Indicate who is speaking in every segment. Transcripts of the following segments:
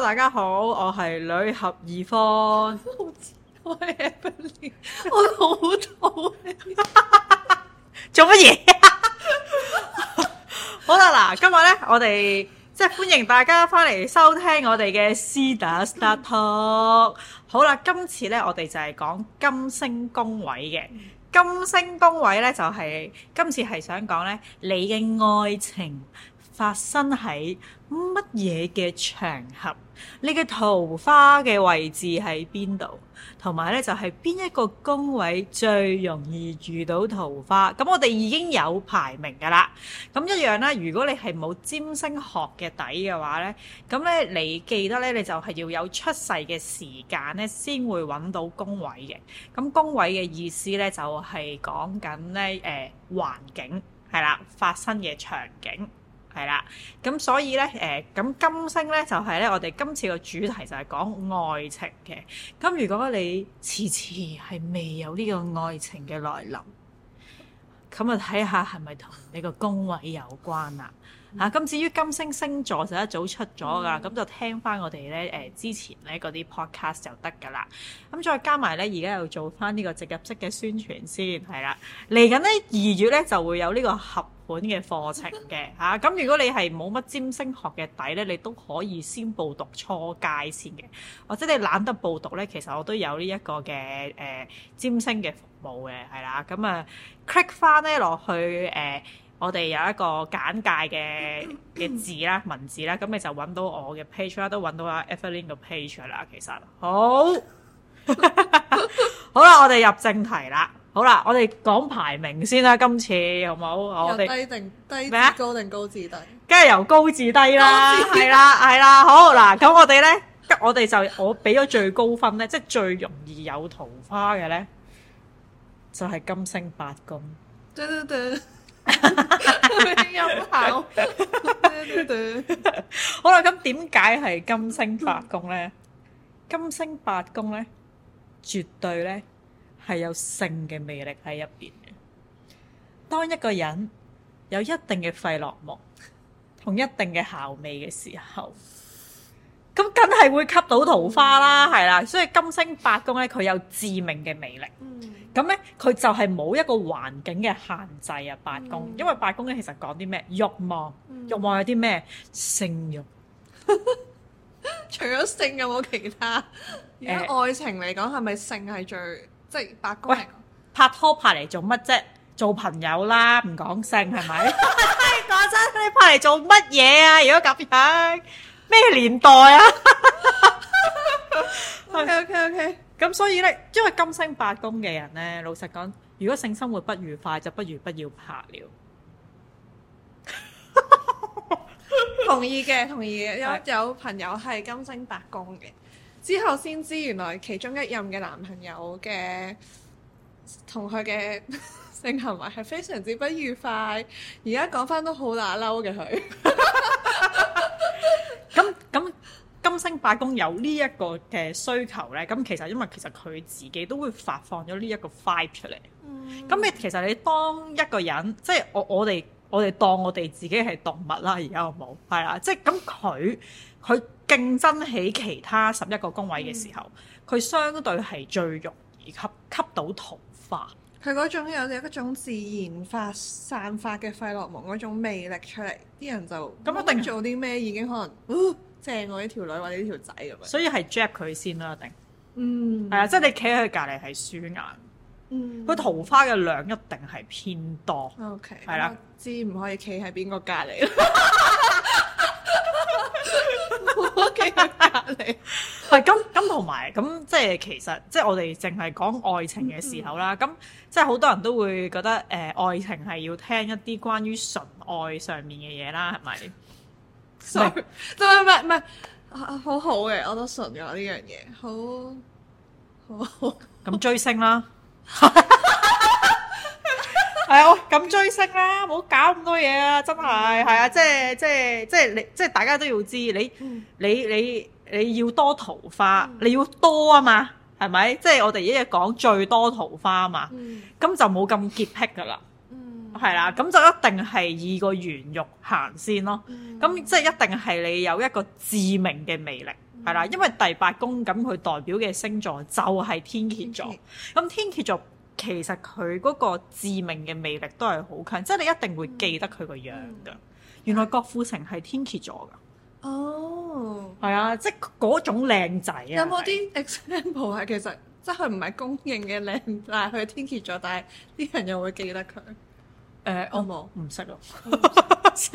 Speaker 1: 大家好，我係女俠二方，我係 Yvonne，我好肚餓，做乜嘢？好啦，嗱，今日咧，我哋即係歡迎大家翻嚟收聽我哋嘅 C Star Talk。 好啦，今次咧，我哋就係講金星宮位嘅金星宮位咧，就係今次係想講咧，你嘅愛情。發生喺乜嘢嘅場合？你嘅桃花嘅位置喺邊度？同埋咧就係邊一個宮位最容易遇到桃花？咁我哋已經有排名㗎喇。咁一樣啦，如果你係冇占星學嘅底嘅話咧，咁咧你記得咧，你就係要有出世嘅時間咧，先會揾到宮位嘅。咁宮位嘅意思咧就係講緊咧誒環境係啦，發生嘅場景。係啦，咁所以咧，誒、呃，咁金星咧就係咧，我哋今次個主題就係講愛情嘅。咁如果你遲遲係未有呢個愛情嘅來臨，咁啊睇下係咪同你個宮位有關啦、啊。嚇！咁、啊、至於金星星座就一早出咗㗎，咁、嗯、就聽翻我哋咧誒之前咧嗰啲 podcast 就得㗎啦。咁、嗯、再加埋咧，而家又做翻呢個直入式嘅宣傳先，係啦。嚟緊咧二月咧就會有呢個合盤嘅課程嘅嚇。咁、啊、如果你係冇乜占星學嘅底咧，你都可以先報讀初階先嘅，或者你懶得報讀咧，其實我都有呢一個嘅誒占星嘅服務嘅，係啦。咁啊 click 翻咧落去誒。呃我哋有一個簡介嘅嘅字啦，文字啦，咁你就揾到我嘅 page 啦，都揾到阿 Evelyn 嘅 page 啦。其實好， 好啦，我哋入正題啦。好啦，我哋講排名先啦，今次好冇？我哋低定
Speaker 2: 低咩啊麼？高定高至低，
Speaker 1: 梗係由高至低啦，係啦，係啦， 啦，啦。好嗱，咁我哋咧， 我哋就我俾咗最高分咧，即、就、係、是、最容易有桃花嘅咧，就係、是、金星八宮。對對對。哈哈，啲音效，好啦，咁點解係金星八宮呢？金星八宮呢，絕對呢係有性嘅魅力喺入邊嘅。當一個人有一定嘅費洛蒙同一定嘅姣味嘅時候，咁梗係會吸到桃花啦，係啦。所以金星八宮呢，佢有致命嘅魅力。咁咧，佢就係冇一個環境嘅限制啊！八宮，嗯、因為八宮咧，其實講啲咩欲望，欲望有啲咩性欲？
Speaker 2: 除咗性有冇其他？而家愛情嚟講，係咪、呃、性係最即係八宮？
Speaker 1: 拍拖拍嚟做乜啫？做朋友啦，唔講性係咪？講 真，你拍嚟做乜嘢啊？如果咁樣，咩年代啊 ？OK OK OK。 咁所以呢，因為金星八宮嘅人呢，老實講，如果性生活不愉快，就不如不要拍了。
Speaker 2: 同意嘅，同意。有有朋友係金星八宮嘅，之後先知原來其中一任嘅男朋友嘅同佢嘅性行為係非常之不愉快，而家講返都好乸嬲嘅佢。
Speaker 1: 咁咁。金星八宮有呢一個嘅需求呢。咁其實因為其實佢自己都會發放咗呢一個 vibe 出嚟。咁你、嗯、其實你當一個人，即係我我哋我哋當我哋自己係動物啦，而家好冇係啊！即係咁佢佢競爭起其他十一個宮位嘅時候，佢、嗯、相對係最容易吸吸到桃花。
Speaker 2: 佢嗰種有有一種自然發散發嘅費洛蒙嗰種魅力出嚟，啲人就咁一定做啲咩已經可能。
Speaker 1: 呃正我呢條女或者呢條仔咁，所以係夾佢先啦，一定嗯係啊，即係你企喺佢隔籬係舒眼嗯，嗯，佢桃花嘅量一定係偏多，O K，
Speaker 2: 係啦，知唔可以企喺邊個隔
Speaker 1: 籬，我企喺隔籬，係咁咁同埋咁，即係其實即係我哋淨係講愛情嘅時候啦，咁、嗯嗯、即係好多人都會覺得誒、呃，愛情係要聽一啲關於純愛上面嘅嘢啦，係咪？唔係唔係唔係，好好嘅我都信噶呢樣嘢，好好咁追星啦，係我咁追星啦，唔好搞咁多嘢 啊！真係係啊，即係即係即係你即係大家都要知，你你你你，你要多桃花，你要多啊嘛，係咪？即係我哋一日講最多桃花啊嘛，咁就冇咁潔癖噶啦。 係啦，咁就一定係以個原欲行先咯。咁、嗯、即係一定係你有一個致命嘅魅力，係啦。因為第八宮咁佢代表嘅星座就係天蠍座。咁天蠍座其實佢嗰個致命嘅魅力都係好強，即係你一定會記得佢個樣噶。嗯、原來郭富城係天蠍座噶。嗯、哦，係啊，即係嗰種靚仔啊。有冇啲
Speaker 2: example 係其實即係佢唔係公認嘅靚，但係佢係天蠍座，但係啲人又會記得佢。
Speaker 1: 誒、呃、我冇唔識咯，
Speaker 2: 咁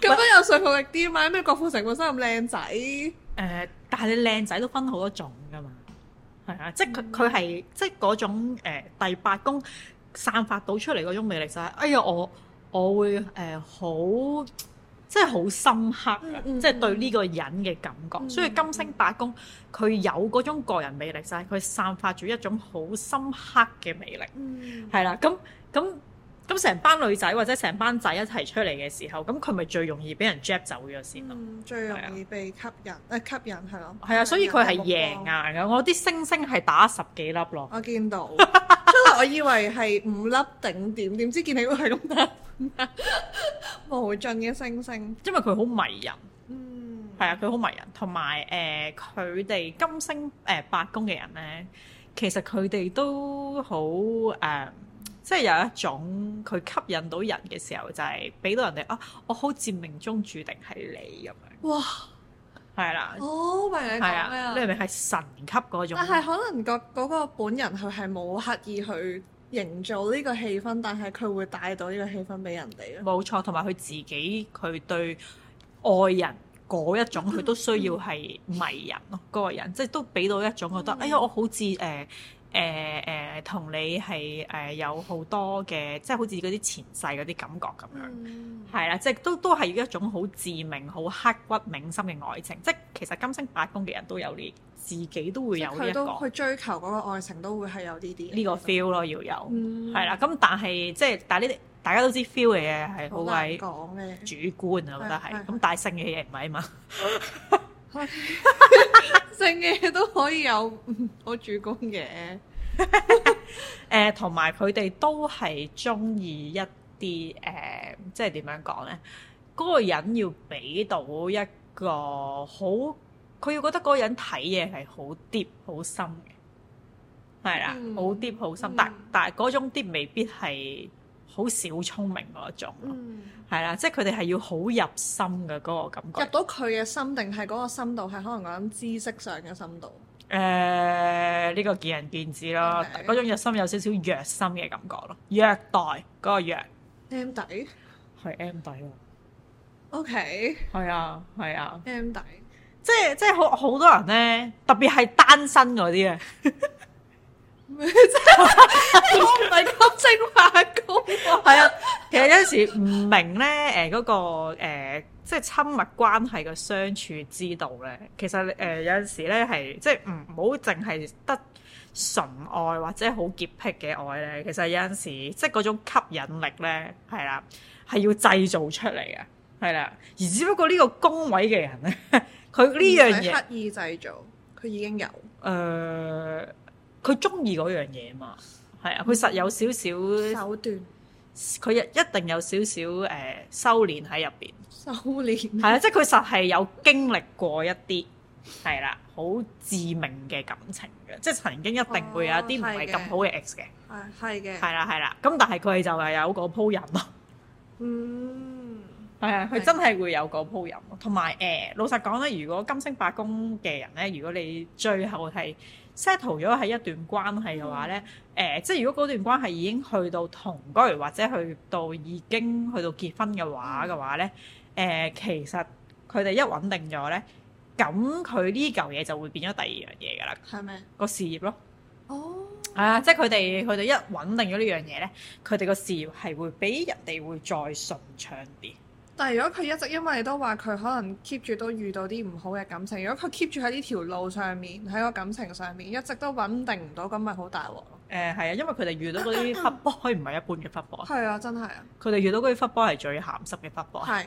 Speaker 2: 樣有說服
Speaker 1: 力啲嘛？咩郭富城本身咁靚仔，誒、呃、但係你靚仔都分好多種噶嘛，係啊，即係佢佢係即係嗰種、呃、第八宮散發到出嚟嗰種魅力就係，哎呀我我會誒好。呃真係好深刻、嗯嗯、即係對呢個人嘅感覺。嗯、所以金星八宮佢有嗰種個人魅力，就係、是、佢散發住一種好深刻嘅魅力。係啦、嗯，咁咁咁成班女仔或者成班仔一齊出嚟嘅時候，咁佢咪最容易俾人 trap 走咗先咯。
Speaker 2: 最容易被吸引，誒的吸引係咯。
Speaker 1: 係啊，所以佢係贏硬嘅。我啲星星係打十幾粒咯，我
Speaker 2: 見到。出嚟，我以為係五粒頂點，點知見你會係咁無
Speaker 1: 盡嘅星星，因為佢好迷人。嗯，係啊，佢好迷人。同埋誒，佢、呃、哋金星誒八、呃、宮嘅人咧，其實佢哋都好誒、呃，即係有一種佢吸引到人嘅時候就，就係俾到人哋啊，我好似命中注定係你咁樣。哇！係啦。哦，
Speaker 2: 明你講咩啊？你明明係
Speaker 1: 神級嗰種。但係可
Speaker 2: 能個嗰個本人佢係冇刻意去營造呢個氣氛，但係佢會帶到呢個氣氛俾人哋。
Speaker 1: 冇錯，同埋佢自己佢對愛人嗰一種，佢都需要係迷人咯，嗰個人 即係都俾到一種覺得，嗯、哎呀，我好似誒。呃誒誒，同、呃、你係誒、呃、有好多嘅，即係好似嗰啲前世嗰啲感覺咁樣，係啦、嗯，即係都都係一種好致命、好刻骨銘心嘅愛情。即係其實金星八宮嘅人都有呢，自己都會有一、呢個去
Speaker 2: 追求嗰個愛情，都會係有呢啲呢
Speaker 1: 個 feel 咯，要有係啦。咁、嗯、但係即係但係呢啲大家都知 feel 嘅嘢係好鬼講嘅主觀啊，我覺得係。咁性嘅嘢唔係嘛？嗯嗯嗯
Speaker 2: 性嘅 都可以有
Speaker 1: 我主攻嘅、 呃，誒，同埋佢哋都係中意一啲，誒，即係點樣講咧？嗰、嗰個人要俾到一個好，佢要覺得嗰個人睇嘢係好 deep、好深嘅，係啦，好 deep、嗯、好深，嗯、但但係嗰種 deep 未必係。好小聰明嗰種，係啦、嗯，即係佢哋係要好入心嘅嗰、嗰個感覺，入
Speaker 2: 到佢嘅心定係嗰個深度，係可能講知識上嘅深度。
Speaker 1: 誒、呃，呢、呢個見仁見智咯，嗰 Okay. 種入心有少少虐心嘅感覺咯，虐待嗰、嗰個虐 M 底係 M 底
Speaker 2: 喎。
Speaker 1: OK，係啊，係啊，M 底，即係即係好好多人咧，特別係單身嗰啲啊，我唔係咁精話。 其實有陣時唔明咧，誒、呃，嗰、嗰個誒、呃，即係親密關係嘅相處之道咧。其實誒、呃，有陣時咧係即係唔唔好淨係得純愛或者好潔癖嘅愛咧。其實有陣時，即係嗰種吸引力咧，係啦，係要製造出嚟嘅，係啦。而只不過個呢個宮位嘅人咧，佢呢樣嘢刻意製造，
Speaker 2: 佢已經有
Speaker 1: 誒，佢中意嗰樣嘢嘛，係啊，佢實有少少手段。佢一一定有少少誒修練喺入邊，
Speaker 2: 修練係啊，即係佢
Speaker 1: 實係有經歷過一啲係啦，好致命嘅感情嘅，即係曾經一定會有啲唔係咁好嘅 ex 嘅，係係嘅，係啦係啦，咁但係佢就係有個鋪人咯，嗯，係啊，佢真係會有個鋪人，同埋誒老實講咧，如果金星八宮嘅人咧，如果你最後係 set 咗喺一段關係嘅話咧，誒、嗯呃，即係如果嗰段關係已經去到同居或者去到已經去到結婚嘅話嘅話咧，誒、呃，其實佢哋一穩定咗咧，咁佢呢嚿嘢就會變咗第二樣嘢㗎啦。係咪嗎？個事業咯。哦。係啊，即係佢哋佢哋一穩定咗呢樣嘢咧，佢哋個事業係會比人哋會再順暢啲。
Speaker 2: 但係如果佢一直因為都話佢可能 keep 住都遇到啲唔好嘅感情，如果佢 keep 住喺呢條路上面，喺個感情上面一直都穩定唔到，咁咪好大鑊囉。
Speaker 1: 誒係啊，因為佢哋遇到嗰啲甩波，可以唔係一般嘅甩波。係啊是， 真係的啊。佢哋遇到嗰啲甩波係最鹹濕嘅甩波。係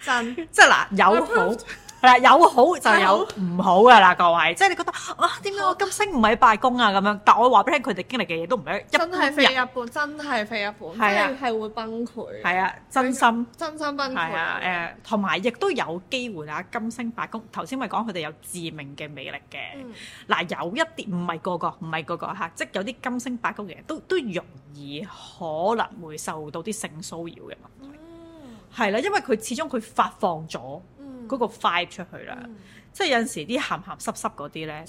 Speaker 1: 真即係嗱，有好。 係啦，有好就有唔好噶啦，好各位。即係你覺得啊，點解我金星唔係八宮啊？咁樣，但我話俾你聽，佢哋經歷嘅嘢都唔係真係非日
Speaker 2: 本，真係非日本，真係係會崩潰。係
Speaker 1: 啊，真心真心崩潰。係啊，誒、啊，同埋亦都有機會啊。金星八宮，頭先咪講佢哋有致命嘅魅力嘅。嗱、嗯啊，有一啲唔係個個，唔係個個吓，即係有啲金星八宮嘅人都都容易可能會受到啲性騷擾嘅問題。係啦、嗯啊，因為佢始終佢發放咗。嗰個 five 出去啦，即係有陣時啲鹹鹹濕濕嗰啲咧，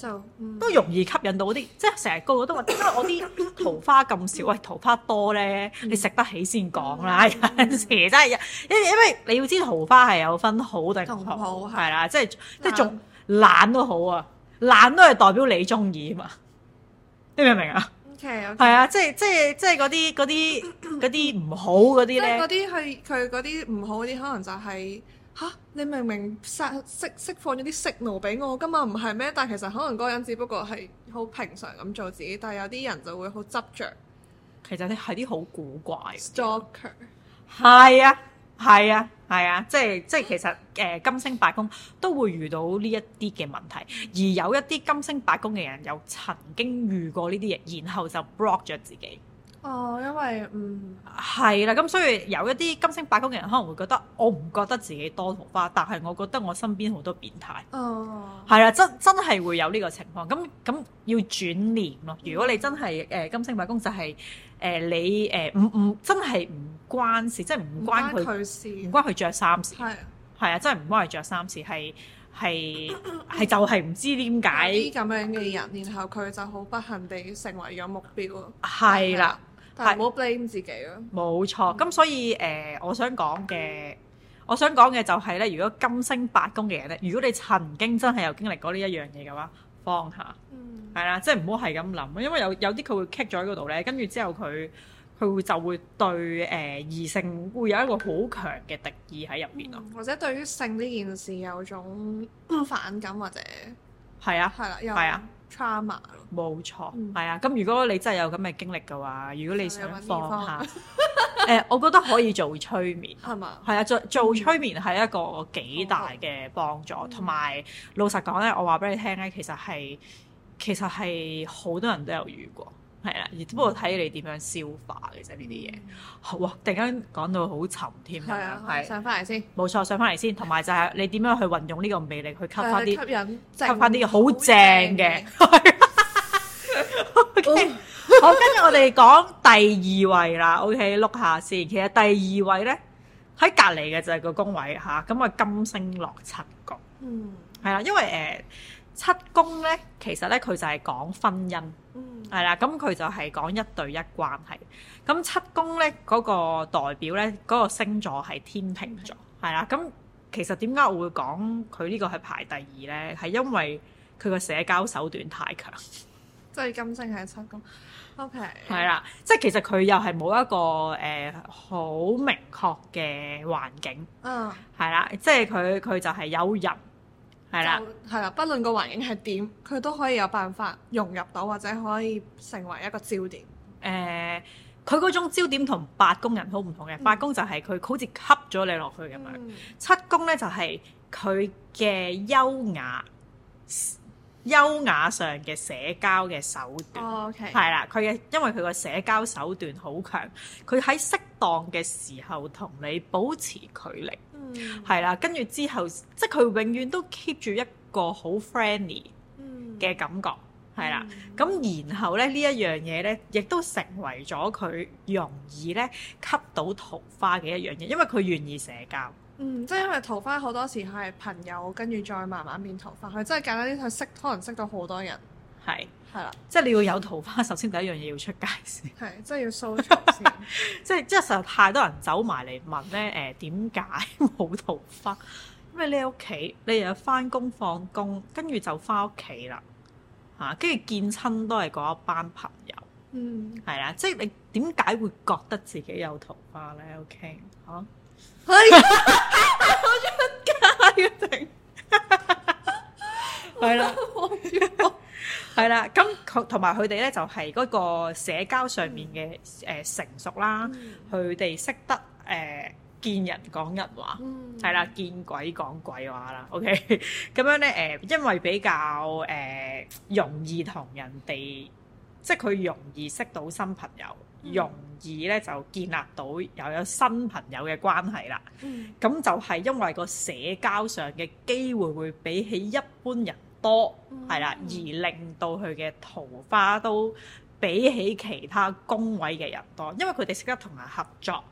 Speaker 1: 都容易吸引到啲，即係成日個個都話，因為我啲桃花咁少，喂桃花多咧，你食得起先講啦。有陣時真係因因為你要知桃花係有分好定唔好，係啦，即係即係仲爛都好啊，爛都係代表你中意嘛，你明唔明啊？OK，係啊，即係即係即係嗰啲嗰啲啲唔好嗰啲咧，嗰啲係
Speaker 2: 佢嗰啲唔好嗰啲，可能就係。吓！你明明釋釋釋放咗啲 signal 俾我，今日唔係咩？但其實可能嗰個人只不過係好平常咁做自己，但有啲人就會好執着。
Speaker 1: 其實你係啲好古怪。
Speaker 2: Stalker 係啊，
Speaker 1: 係啊，係啊，啊，即係即係，其實誒、呃、金星八宮都會遇到呢一啲嘅問題，而有一啲金星八宮嘅人又曾經遇過呢啲嘢，然後就 block 咗自己。
Speaker 2: 哦，因為嗯，
Speaker 1: 係啦、啊，咁所以有一啲金星八宮嘅人可能會覺得我唔覺得自己多桃花，但係我覺得我身邊好多變態。哦，係啦，真真係會有呢個情況。咁咁要轉念咯。如果你真係誒金星八宮，就係，就係誒你誒唔唔真係唔關事，即係唔關佢事，唔關佢着衫事。係係啊，真係唔關佢着衫事，係係係就係唔知點解
Speaker 2: 咁樣嘅人，嗯嗯、然後佢就好不幸地成為咗目標
Speaker 1: 啊。係啦。
Speaker 2: 但係唔好 blame 但自己咯。
Speaker 1: 冇錯，咁所以誒，我想講嘅，我想講嘅就係咧，如果金星八宮嘅人咧，如果你曾經真係有經歷過呢一樣嘢嘅話，放下，係啦，嗯，即係唔好係咁諗，因為有有啲佢會 catch 咗喺嗰度咧，跟住之後佢佢會就會對誒異性會有一個好強嘅敵意喺入邊咯，或
Speaker 2: 者對於性呢件事有種反感或者
Speaker 1: 係啊，係啦，係啊。Trauma 冇錯，係啊、嗯。咁如果你真係有咁嘅經歷嘅話，如果你想放下，誒、 呃，我覺得可以做催眠，係嘛 吧？係啊，做做催眠係一個幾大嘅幫助，同埋、哦、老實講咧，我話俾你聽咧，其實係其實係好多人都有遇過。係啦，只不過睇你點樣消化嘅啫，呢啲嘢。好、嗯、哇，突然間講到好沉添。係啊、嗯，係對上翻嚟先，冇錯，上翻嚟先。同埋就係你點樣去運用呢個魅力去吸翻啲、嗯，吸引，吸翻啲好正嘅。好，跟住我哋講第二位啦。OK，碌下先。其實第二位咧喺隔籬嘅就係個宮位吓，咁啊金星落七宮。嗯，係啦，因為誒。呃七宮咧，其實咧佢就係講婚姻，係啦，咁佢就係講一對一關係。咁七宮咧嗰個代表咧，嗰個星座係天秤座，係啦。咁其實點解我會講佢呢個係排第二咧？係因為佢個社交手段太強，
Speaker 2: 即係金星喺七宮。OK，
Speaker 1: 係啦，即係其實佢又係冇一個誒好明確嘅環境。嗯，係啦，即係佢佢就係有人。係啦，
Speaker 2: 係啦，不論個環境係點，佢都可以有辦法融入到，或者可以成為一個焦
Speaker 1: 點。誒、呃，佢嗰種焦點八宮同、嗯、八宮人好唔同嘅，八宮就係佢好似吸咗你落去咁樣，嗯、七宮咧就係佢嘅優雅。優雅上嘅社交嘅手段，係啦、oh, okay.，佢嘅因為佢個社交手段好強，佢喺適當嘅時候同你保持距離，係啦、mm.，跟住之後即係佢永遠都 keep 住一個好 friendly 嘅感覺，係啦，咁然後咧呢一樣嘢咧，亦都成為咗佢容易咧吸到桃花嘅一樣嘢，因為佢願意社交。
Speaker 2: 嗯，即係因為桃花好多時係朋友，跟住再慢慢變桃花，佢真係簡單啲，佢識可能識到好多人，係係啦，
Speaker 1: 了即係你要有桃花，首先第一樣嘢要出街先，係即係要 show 出 即係即係實在太多人走埋嚟問咧，誒點解冇桃花？因為你喺屋企，你又翻工放工，跟住就翻屋企啦，吓、啊，跟住見親都係嗰一班朋友，嗯，係啦，即係你點解會覺得自己有桃花咧？O K，吓。Okay, 啊係，好中意街啊！停，係啦，好中意，係啦。咁佢同埋佢哋咧，就係嗰個社交上面嘅誒成熟啦。佢哋識得誒見人講人話，係啦，見鬼講鬼話啦。OK，咁樣咧誒，因為比較誒容易同人哋，即係佢容易識到新朋友。容易咧就建立到又有，有新朋友嘅關係啦。咁、嗯、就係因為個社交上嘅機會會比起一般人多，係啦、嗯，而令到佢嘅桃花都比起其他宮位嘅人多，因為佢哋識得同人合作，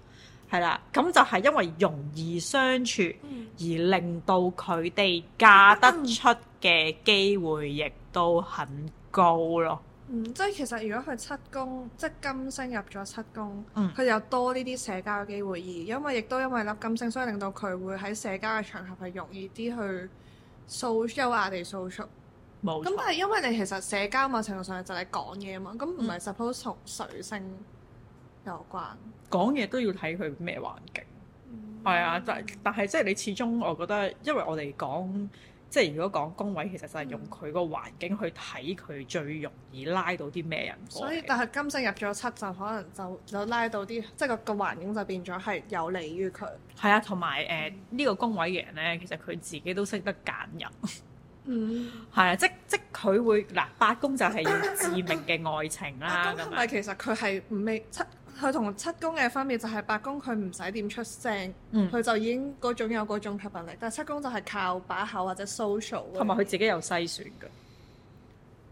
Speaker 1: 係啦。咁就係因為容易相處，而令到佢哋嫁得出嘅機會亦都很高咯。
Speaker 2: 嗯，即係其實如果佢七宮，即係金星入咗七宮，佢、嗯、有多呢啲社交嘅機會。而因為亦都因為粒金星，所以令到佢會喺社交嘅場合係容易啲去訴出，優雅地訴出。
Speaker 1: 冇錯。咁但係
Speaker 2: 因為你其實社交某程度上就係講嘢啊嘛，咁唔係 suppose 同、嗯、水星有關。
Speaker 1: 講嘢都要睇佢咩環境。係啊、嗯，但但係即係你始終我覺得，因為我哋講。即係如果講宮位，其實就係用佢個環境去睇佢最容易拉到啲咩人過嚟。所以
Speaker 2: 但係金星入咗七集，可能就就拉到啲，即係個個環境就變咗係有利於佢。
Speaker 1: 係啊，同埋誒呢個宮位嘅人咧，其實佢自己都識得揀人。 嗯，係啊，即即佢會嗱、呃、八宮就係致命嘅愛情啦。咁但係
Speaker 2: 其實佢係唔未七。佢同七宮嘅分別就係八宮佢唔使點出聲，佢、嗯、就已經嗰種有嗰種吸引力。但七宮就係靠把口或者 social，同埋佢自
Speaker 1: 己有篩選嘅。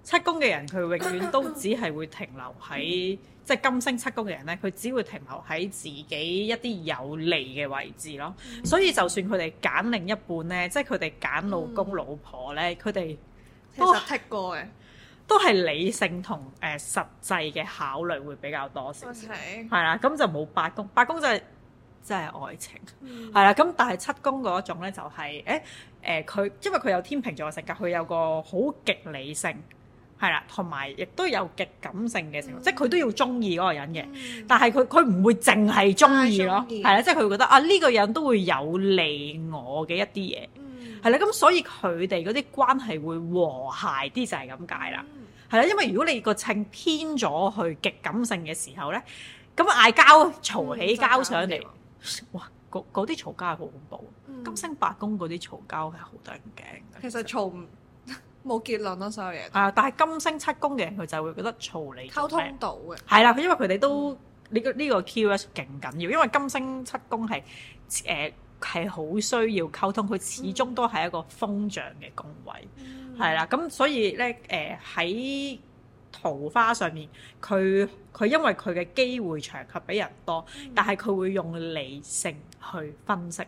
Speaker 1: 七宮嘅人佢永遠都只係會停留喺即係金星七宮嘅人咧，佢只會停留喺自己一啲有利嘅位置咯。嗯、所以就算佢哋揀另一半咧，即係佢哋揀老公、嗯、老婆咧，佢哋都剔過嘅。實都係理性同誒實際嘅考慮會比較多少少，係啦，咁就冇八宮，八宮就係即係愛情，係啦，咁但係七宮嗰種咧就係誒誒佢，因為佢有天秤座嘅性格，佢有個好極理性，係啦，同埋亦都有極感性嘅情況，即係佢都要中意嗰個人嘅，但係佢佢唔會淨係中意咯，係啦，即係佢會覺得啊呢個人都會有利我嘅一啲嘢，係啦，咁所以佢哋嗰啲關係會和諧啲就係咁解啦。係啦，因為如果你個秤偏咗去極感性嘅時候咧，咁、嗯、啊嗌交，嘈起交上嚟，哇！嗰啲嘈交係好恐怖。嗯、金星八宮嗰啲嘈交係好多人驚。其實嘈
Speaker 2: 冇 結論咯、啊，所有嘢。
Speaker 1: 啊，但係金星七宮嘅人佢就會覺得嘈你。溝通到嘅。係啦，因為佢哋都呢、嗯呢個呢、呢個 QS 勁緊要，因為金星七宮係誒。呃係好需要溝通，佢始終都係一個風象嘅宮位，係啦、嗯。咁所以呢，誒、呃、喺桃花上面，佢佢因為佢嘅機會場合比人多，嗯、但係佢會用理性去分析，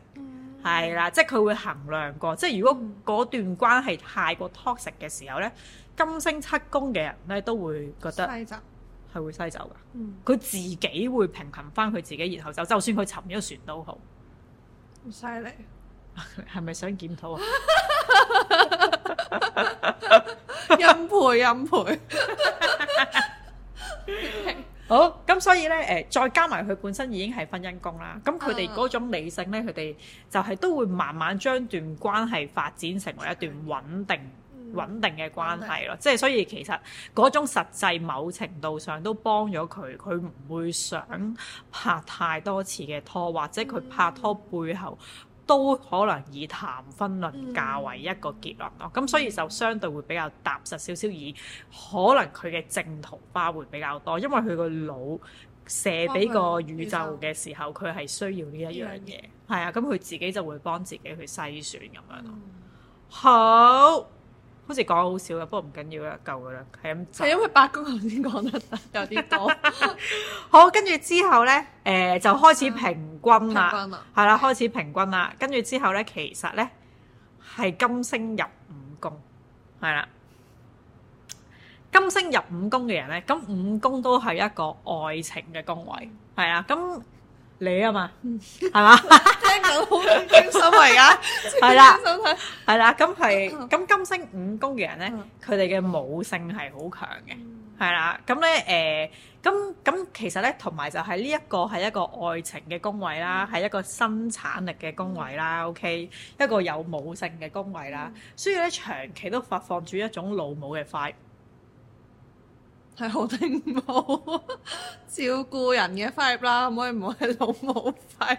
Speaker 1: 係啦、嗯，即係佢會衡量過。嗯、即係如果嗰段關係太過 toxic 嘅時候呢，金星七宮嘅人呢都會覺得係會走嘥走噶。佢自己會平衡翻佢自己，然後就就算佢沉咗船都好。
Speaker 2: 好
Speaker 1: 犀利，係咪想檢討啊？欽佩欽佩，好，咁，所以呢，誒，再加埋佢本身已經係婚姻宮啦，咁佢哋嗰種理性呢，佢哋、uh. 就係都會慢慢將段關係發展成為一段穩定。穩定嘅關係咯，嗯、即係所以其實嗰種實際某程度上都幫咗佢，佢唔會想拍太多次嘅拖，或者佢拍拖背後都可能以談婚論嫁為一個結論咯。咁、嗯、所以就相對會比較踏實少少，而可能佢嘅正桃花會比較多，因為佢個腦射俾個宇宙嘅時候，佢係他需要呢一樣嘢，係啊，咁佢自己就會幫自己去篩選咁樣咯。嗯、好。好似講好少嘅，不過唔緊要啦，夠嘅啦，係咁。係因
Speaker 2: 為八宮頭先講得
Speaker 1: 有啲多。好，跟住之後咧，誒、呃、就開始平均啦，係啦、啊，開始平均啦。跟住之後咧，其實咧係金星入五宮，係啦。金星入五宮嘅人咧，咁五宮都係一個愛情嘅宮位，係啊，咁、嗯。你啊嘛，係嘛？聽緊好啲聲音嚟噶，係啦，係啦。咁係咁金星五宮嘅人咧，佢哋嘅母性係好強嘅，係啦。咁咧誒，咁咁其實咧，同埋就係呢一個係一個愛情嘅宮位啦，係一個生產力嘅宮位啦，OK，一個有母性嘅宮位啦，所以咧長期都發放住一種老母嘅快。係好丁母照顧人嘅 f i v e 啦，唔可以唔係老母 Five，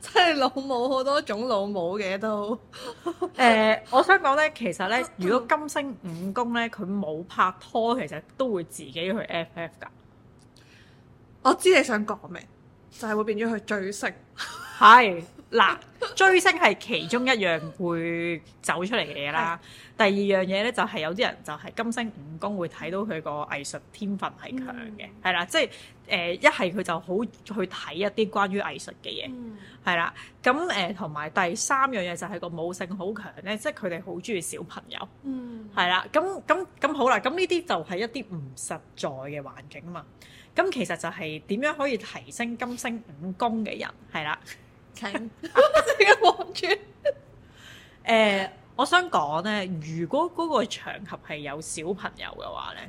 Speaker 1: 即
Speaker 2: 係老母好多種老母嘅都 。
Speaker 1: 誒、呃，我想講咧，其實咧，如果金星五宮咧，佢冇拍拖，其實都會自己去 FF 噶。 我知你想講咩？就係、是、會變咗佢追星。係。嗱，追星係其中一樣會走出嚟嘅嘢啦。是的 第二樣嘢咧，就係、是、有啲人就係金星五宮會睇到佢個藝術天分係強嘅，係啦、嗯，即係誒、呃、一係佢就好去睇一啲關於藝術嘅嘢，係啦、嗯。咁誒同埋第三樣嘢就係個母性好強咧，即係佢哋好中意小朋友，係啦、嗯。咁咁咁好啦，咁呢啲就係一啲唔實在嘅環境啊嘛。咁其實就係點樣可以提升金星五宮嘅人，係啦。傾，我想講呢，如果嗰個場合係有小朋友嘅話呢，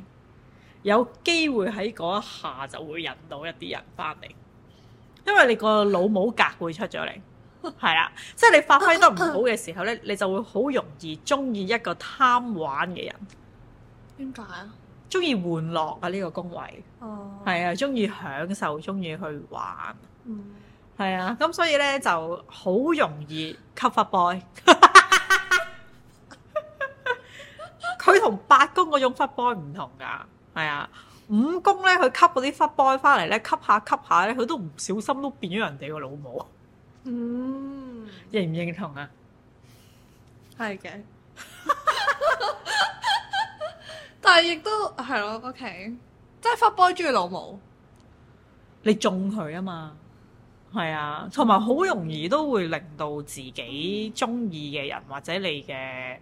Speaker 1: 有機會喺嗰一下就會引到一啲人翻嚟，因為你個老母格會出咗嚟，係 啊，即係你發揮得唔好嘅時候呢，你就會好容易中意一個貪玩嘅人。
Speaker 2: 點解啊？
Speaker 1: 中意玩樂啊？呢個宮位，哦，係啊，中意享受，中意去玩。Mm. 係啊，咁所以咧就好容易吸伏 boy，佢同 八公嗰種伏 boy 唔同噶，係啊，五公咧佢吸嗰啲伏 boy 翻嚟咧吸下吸下咧，佢都唔小心都變咗人哋個老母。嗯，認唔認同啊？係嘅是的，
Speaker 2: 但係亦都係咯、啊，OK，即
Speaker 1: 係伏 boy 中意老母，你中佢啊嘛。係啊，同埋好容易都會令到自己中意嘅人，或者你嘅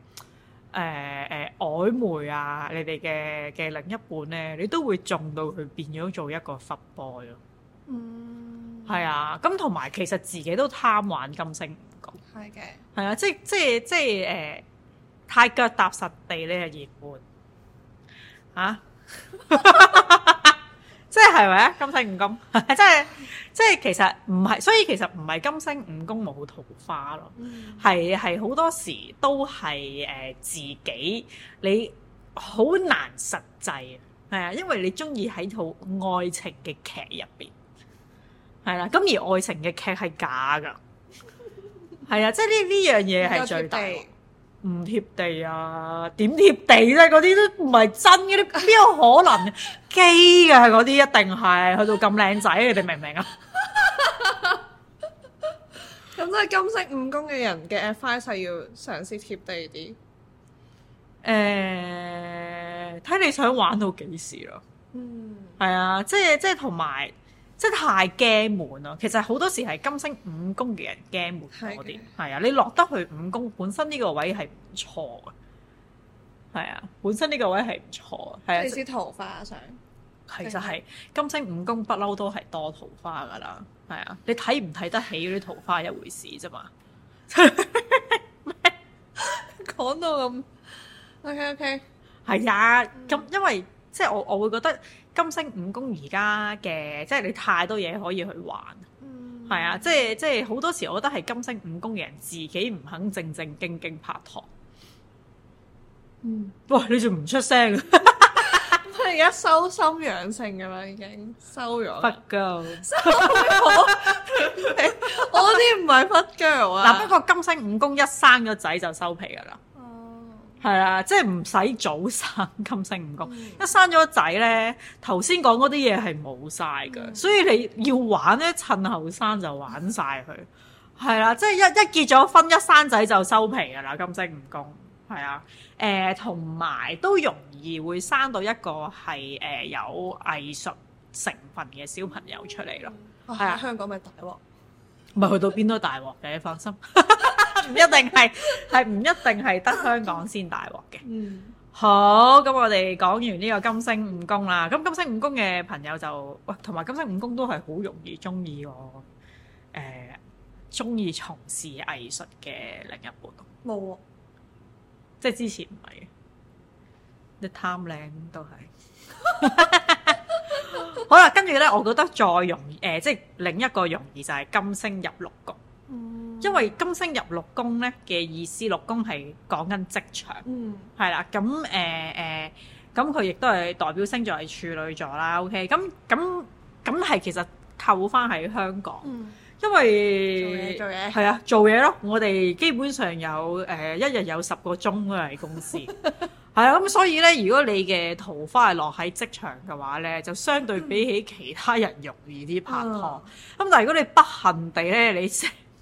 Speaker 1: 誒誒曖昧啊，你哋嘅嘅另一半咧，你都會中到佢變咗做一個佛 boy 咯。嗯，係啊，咁同埋其實自己都貪玩金星唔
Speaker 2: 覺，係嘅的，
Speaker 1: 係啊，即係即係即係誒、呃，太腳踏實地咧，熱門啊！ 即係係咪啊？金星五宮， 即係即係其實唔係，所以其實唔係金星五宮冇桃花咯，係係好多時都係誒自己你好難實際係啊，因為你中意喺套愛情嘅劇入邊係啦，咁而愛情嘅劇係假㗎，係啊，即係呢呢樣嘢係最大。唔貼地啊！點貼地咧？嗰啲都唔係真嘅，邊有可能？機嘅嗰啲一定係去到咁靚仔，你哋 明唔明啊？
Speaker 2: 咁即係金星五宮嘅人嘅 at fire 係要嘗試貼地啲。誒，
Speaker 1: 睇你想玩到幾時咯？嗯，係啊，即係即係同埋。即係太驚悶咯，其實好多時係金星五宮嘅人驚悶多啲，係啊的，你落得去五宮本身呢個位係唔錯嘅，係啊，本身呢個位係唔錯嘅，係啊，啲桃
Speaker 2: 花想，其實係
Speaker 1: 金星五宮不嬲都係多桃花噶啦，係啊，你睇唔睇得起嗰啲桃花一回事啫嘛，講到咁，O K O K，係啊，咁因為即係我我，我會覺得。金星五宮而家嘅，即係你太多嘢可以去玩，係啊、嗯，即係即係好多時，我覺得係金星五宮嘅人自己唔肯正正經經拍拖。嗯，哇，你仲唔出聲？而家修心養性咁樣，已經收咗。fuck girl，收了 我啲唔係 fuck girl 啊。嗱，不過金星五宮一生咗仔就收皮噶啦。係啦，即係唔使早生金星五宮，嗯、一生咗仔呢，頭先講嗰啲嘢係冇晒㗎。嗯、所以你要玩呢，趁後生就玩晒佢，係啦，即係一一結咗婚一生仔就收皮㗎啦，金星五宮，係啊，誒同埋都容易會生到一個係誒、呃、有藝術成分嘅小朋友出嚟咯，係、嗯、的啊，香港咪大鑊，咪去到邊都大鑊嘅，放心。 唔一定係，係唔一定係得香港先大鑊嘅。嗯，好，咁我哋講完呢個金星五宮啦。咁金星五宮嘅朋友就，哇，同埋金星五宮都係好容易中意喎，誒，中意從事藝術嘅另一半。冇啊，即係之前唔係嘅，你貪靚都係。好啦，跟住呢，我覺得再容，誒，即係另一個容易就係金星入六宮。嗯，因為金星入六宮咧嘅意思，六宮係講緊職場，係啦，咁誒誒，咁佢亦都係代表星座係處女座啦。OK，咁咁咁係其實扣翻喺香港，因為做嘢，做嘢，係啊，做嘢咯。我哋基本上有誒一日有十個鐘都喺公司，係啊，咁所以咧，如果你嘅桃花係落喺職場嘅話咧，就相對比起其他人容易啲拍拖。咁但係如果你不幸地咧，你成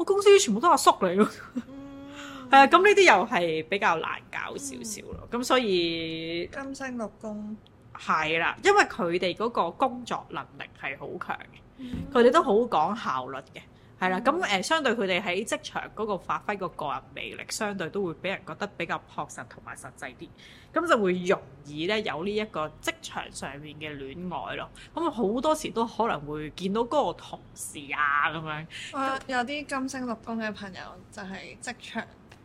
Speaker 1: 我公司全部都阿叔嚟咯、 嗯，係啊，咁呢啲又係比較難搞少少咯，咁、嗯、所以金星六宮係啦，因為佢哋嗰個工作能力係好強，佢哋、嗯、都好講效率嘅。係啦，咁誒、嗯嗯嗯，相對佢哋喺職場嗰個發揮個個人魅力，相對都會俾人覺得比較樸實同埋實際啲，咁就會容易咧有呢一個職場上面嘅戀愛咯。咁好多時都可能會見到嗰個同事啊咁樣。
Speaker 2: 誒，有啲金星六宮嘅朋友就係職場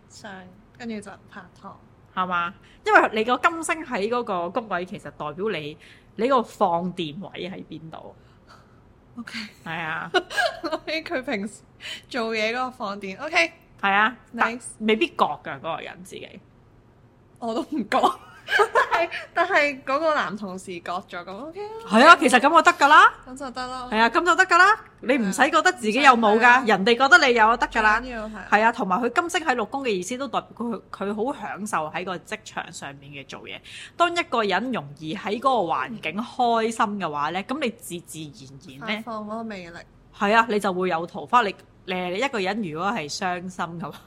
Speaker 2: 上跟住就拍拖，
Speaker 1: 係嘛？因為你個金星喺嗰個宮位，其實代表你你個放電位喺邊度？O K，係啊，我見佢平時做嘢嗰個放電，O K，係啊，nice，未必覺嘅嗰、嗰個人自己，
Speaker 2: 我都唔覺。 但係但係嗰個男同事割咗，咁 OK
Speaker 1: 係啊，其實咁就得噶啦，咁
Speaker 2: 就得咯，係
Speaker 1: 啊，咁就得噶啦。你唔使覺得自己有冇噶， 人哋覺得你有就得噶，係啊，同埋佢金星喺六宮嘅意思都代表佢佢好享受喺個職場上面嘅做嘢。當一個人容易喺嗰個環境開心嘅話呢，咁、嗯、你自自然然咧，釋
Speaker 2: 放嗰個魅力。
Speaker 1: 係啊，你就會有桃花。你誒，你一個人如果係傷心嘅話。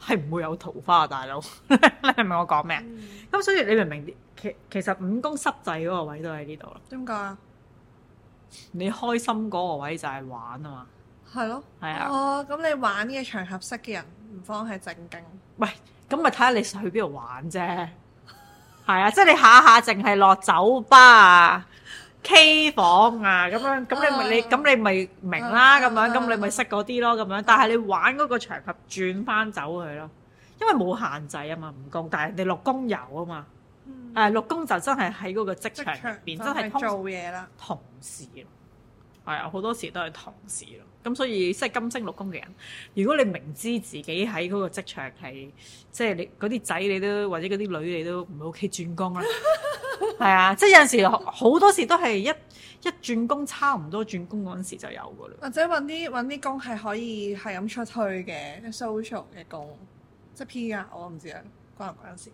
Speaker 1: 係唔會有桃花啊，大佬， 你明唔明我講咩啊？咁、嗯、所以你明唔明其其實五宮濕仔嗰個位都喺呢度啦。點解？你開心嗰個位就係玩啊嘛。係咯，係啊。
Speaker 2: 咁、哦、你玩嘅場合識嘅人唔方係正經。
Speaker 1: 喂，咁咪睇下你去邊度玩啫。係 啊，即係你下下淨係落酒吧啊。K 房啊，咁樣咁你咪你咁你咪明啦，咁樣咁你咪識嗰啲咯，咁樣。但係你玩嗰個場合轉翻走佢咯，因為冇限制啊嘛，五宮，但係你六宮有啊嘛。誒、嗯，六、啊、宮就真係喺嗰個職場入邊，真係做嘢啦，同事。係啊，好多時都係同事咯。咁所以即係、就是、金星六宮嘅人，如果你明知自己喺嗰個職場係，即、就、係、是、你嗰啲仔你都或者嗰啲女你都唔屋企轉工啦，係啊， 即、就、係、是、有陣時好多時都係一一轉工差唔多轉工嗰陣時就有㗎啦。或
Speaker 2: 者揾啲揾啲工係可以係咁出去嘅 social 嘅工，即係 PR，我唔知啊，關唔關事？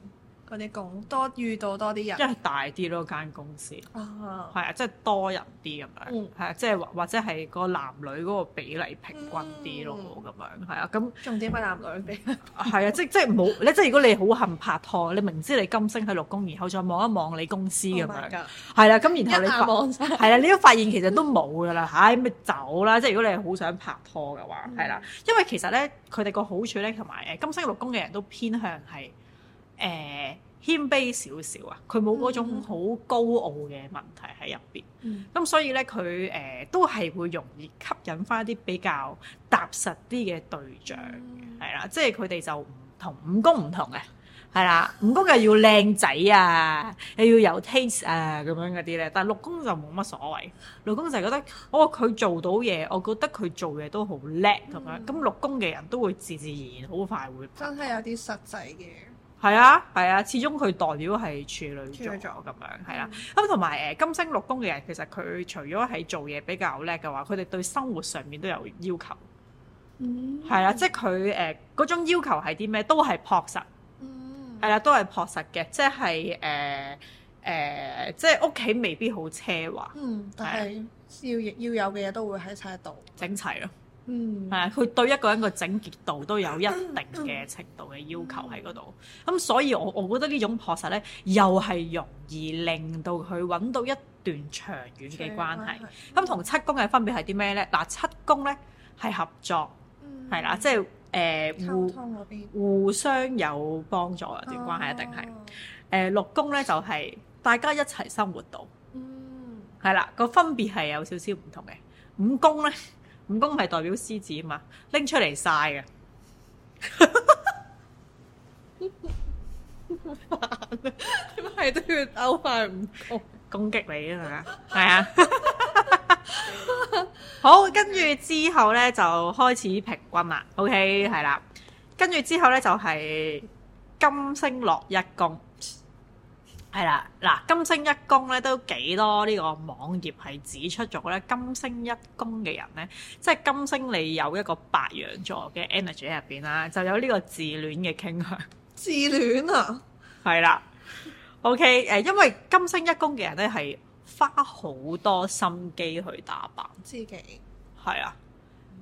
Speaker 2: 你講，多遇到多啲人，即係
Speaker 1: 大啲咯，間公司係啊，即係、oh, yeah. 多人啲咁樣，係啊、mm.，即係或或者係個男女嗰個比例平均啲咯，咁樣係啊，咁仲只不男兩女係啊， 即係即係冇即係如果你好恨拍拖，你明知你金星喺六宮，然後再望一望你公司咁樣，係啦、oh, my，咁然後你望係啦，你都發現其實都冇噶啦，唉、 哎，咪走啦！即係如果你係好想拍拖嘅話，係啦、mm.，因為其實咧，佢哋個好處咧，同埋誒金星六宮嘅人都偏向係誒。呃謙卑少少啊，佢冇嗰種好高傲嘅問題喺入邊，咁、嗯、所以呢，佢誒、呃、都係會容易吸引翻啲比較踏實啲嘅對象，係啦、嗯，即係佢哋就唔同五宮唔同嘅，係啦，五宮又要靚仔啊，又要有 taste 啊咁樣嗰啲呢。但係六宮就冇乜所謂，六宮就係覺得哦佢做到嘢，我覺得佢做嘢都好叻咁樣，咁六、嗯、宮嘅人都會自自然然好快會、嗯、
Speaker 2: 真係有啲實際嘅。
Speaker 1: 係啊，係啊，始終佢代表係處女座咁樣，係啦、啊。咁同埋誒金星六宮嘅人，其實佢除咗喺做嘢比較叻嘅話，佢哋對生活上面都有要求。嗯，係啦、啊，即係佢誒嗰種要求係啲咩？都係樸實，係啦、嗯啊，都係樸實嘅，即係誒誒，即係屋企未必好奢華。嗯，
Speaker 2: 但係要、啊、要有嘅嘢都會喺晒度整齊囉。嗯，
Speaker 1: 係啊，佢對一個人個整潔度都有一定嘅程度嘅要求喺嗰度。咁所以，我我覺得呢種確實咧，又係容易令到佢揾到一段長遠嘅關係。咁同七宮嘅分別係啲咩咧？嗱，七宮咧係合作，係啦，即係誒互相有幫助嘅啲關係，一定係。誒六宮咧就係大家一齊生活到，嗯，係啦，個分別係有少少唔同嘅。五宮咧。五宮唔係代表獅子啊嘛，拎出嚟晒嘅，煩啊！點解係都要勾翻五宮？攻擊你啊，係咪啊，係啊。好，跟住之後咧就開始平均啦。OK，係啦。跟住之後咧就係、是、金星落一宮。係啦，嗱金星一宮咧都幾多呢個網頁係指出咗咧，金星一宮嘅人咧，即係金星你有一個白羊座嘅 energy 喺入邊啦，就有呢個自戀嘅傾向。自戀啊，係啦。OK，誒，因為金星一宮嘅人咧係花好多心機去打扮自己。係啊，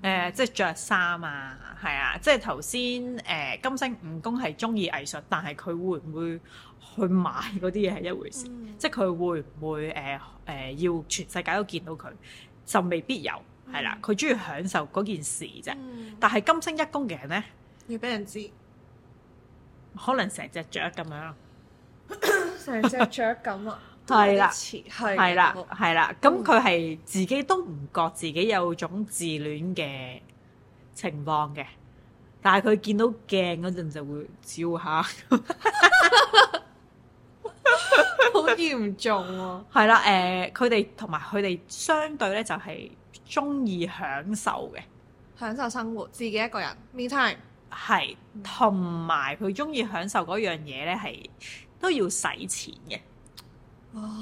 Speaker 1: 誒，即係著衫啊，係啊，即係頭先誒金星五宮係中意藝術，但係佢會唔會？去買嗰啲嘢係一回事，即係佢會唔會誒誒要全世界都見到佢，就未必有，係啦。佢中意享受嗰件事啫。但係金星一宮嘅人咧，要俾人知，可能成隻雀咁樣，
Speaker 2: 成隻雀咁啊，係啦，係啦，
Speaker 1: 係啦。咁佢係自己都唔覺自己有種自戀嘅情況嘅，但係佢見到鏡嗰陣就會照下。好嚴重喎，係啦，誒，佢哋同埋佢哋相對咧，就係鍾意享受嘅，享受生活，自己一個人。me time，係同埋佢鍾意享受嗰樣嘢咧，係都要使錢嘅。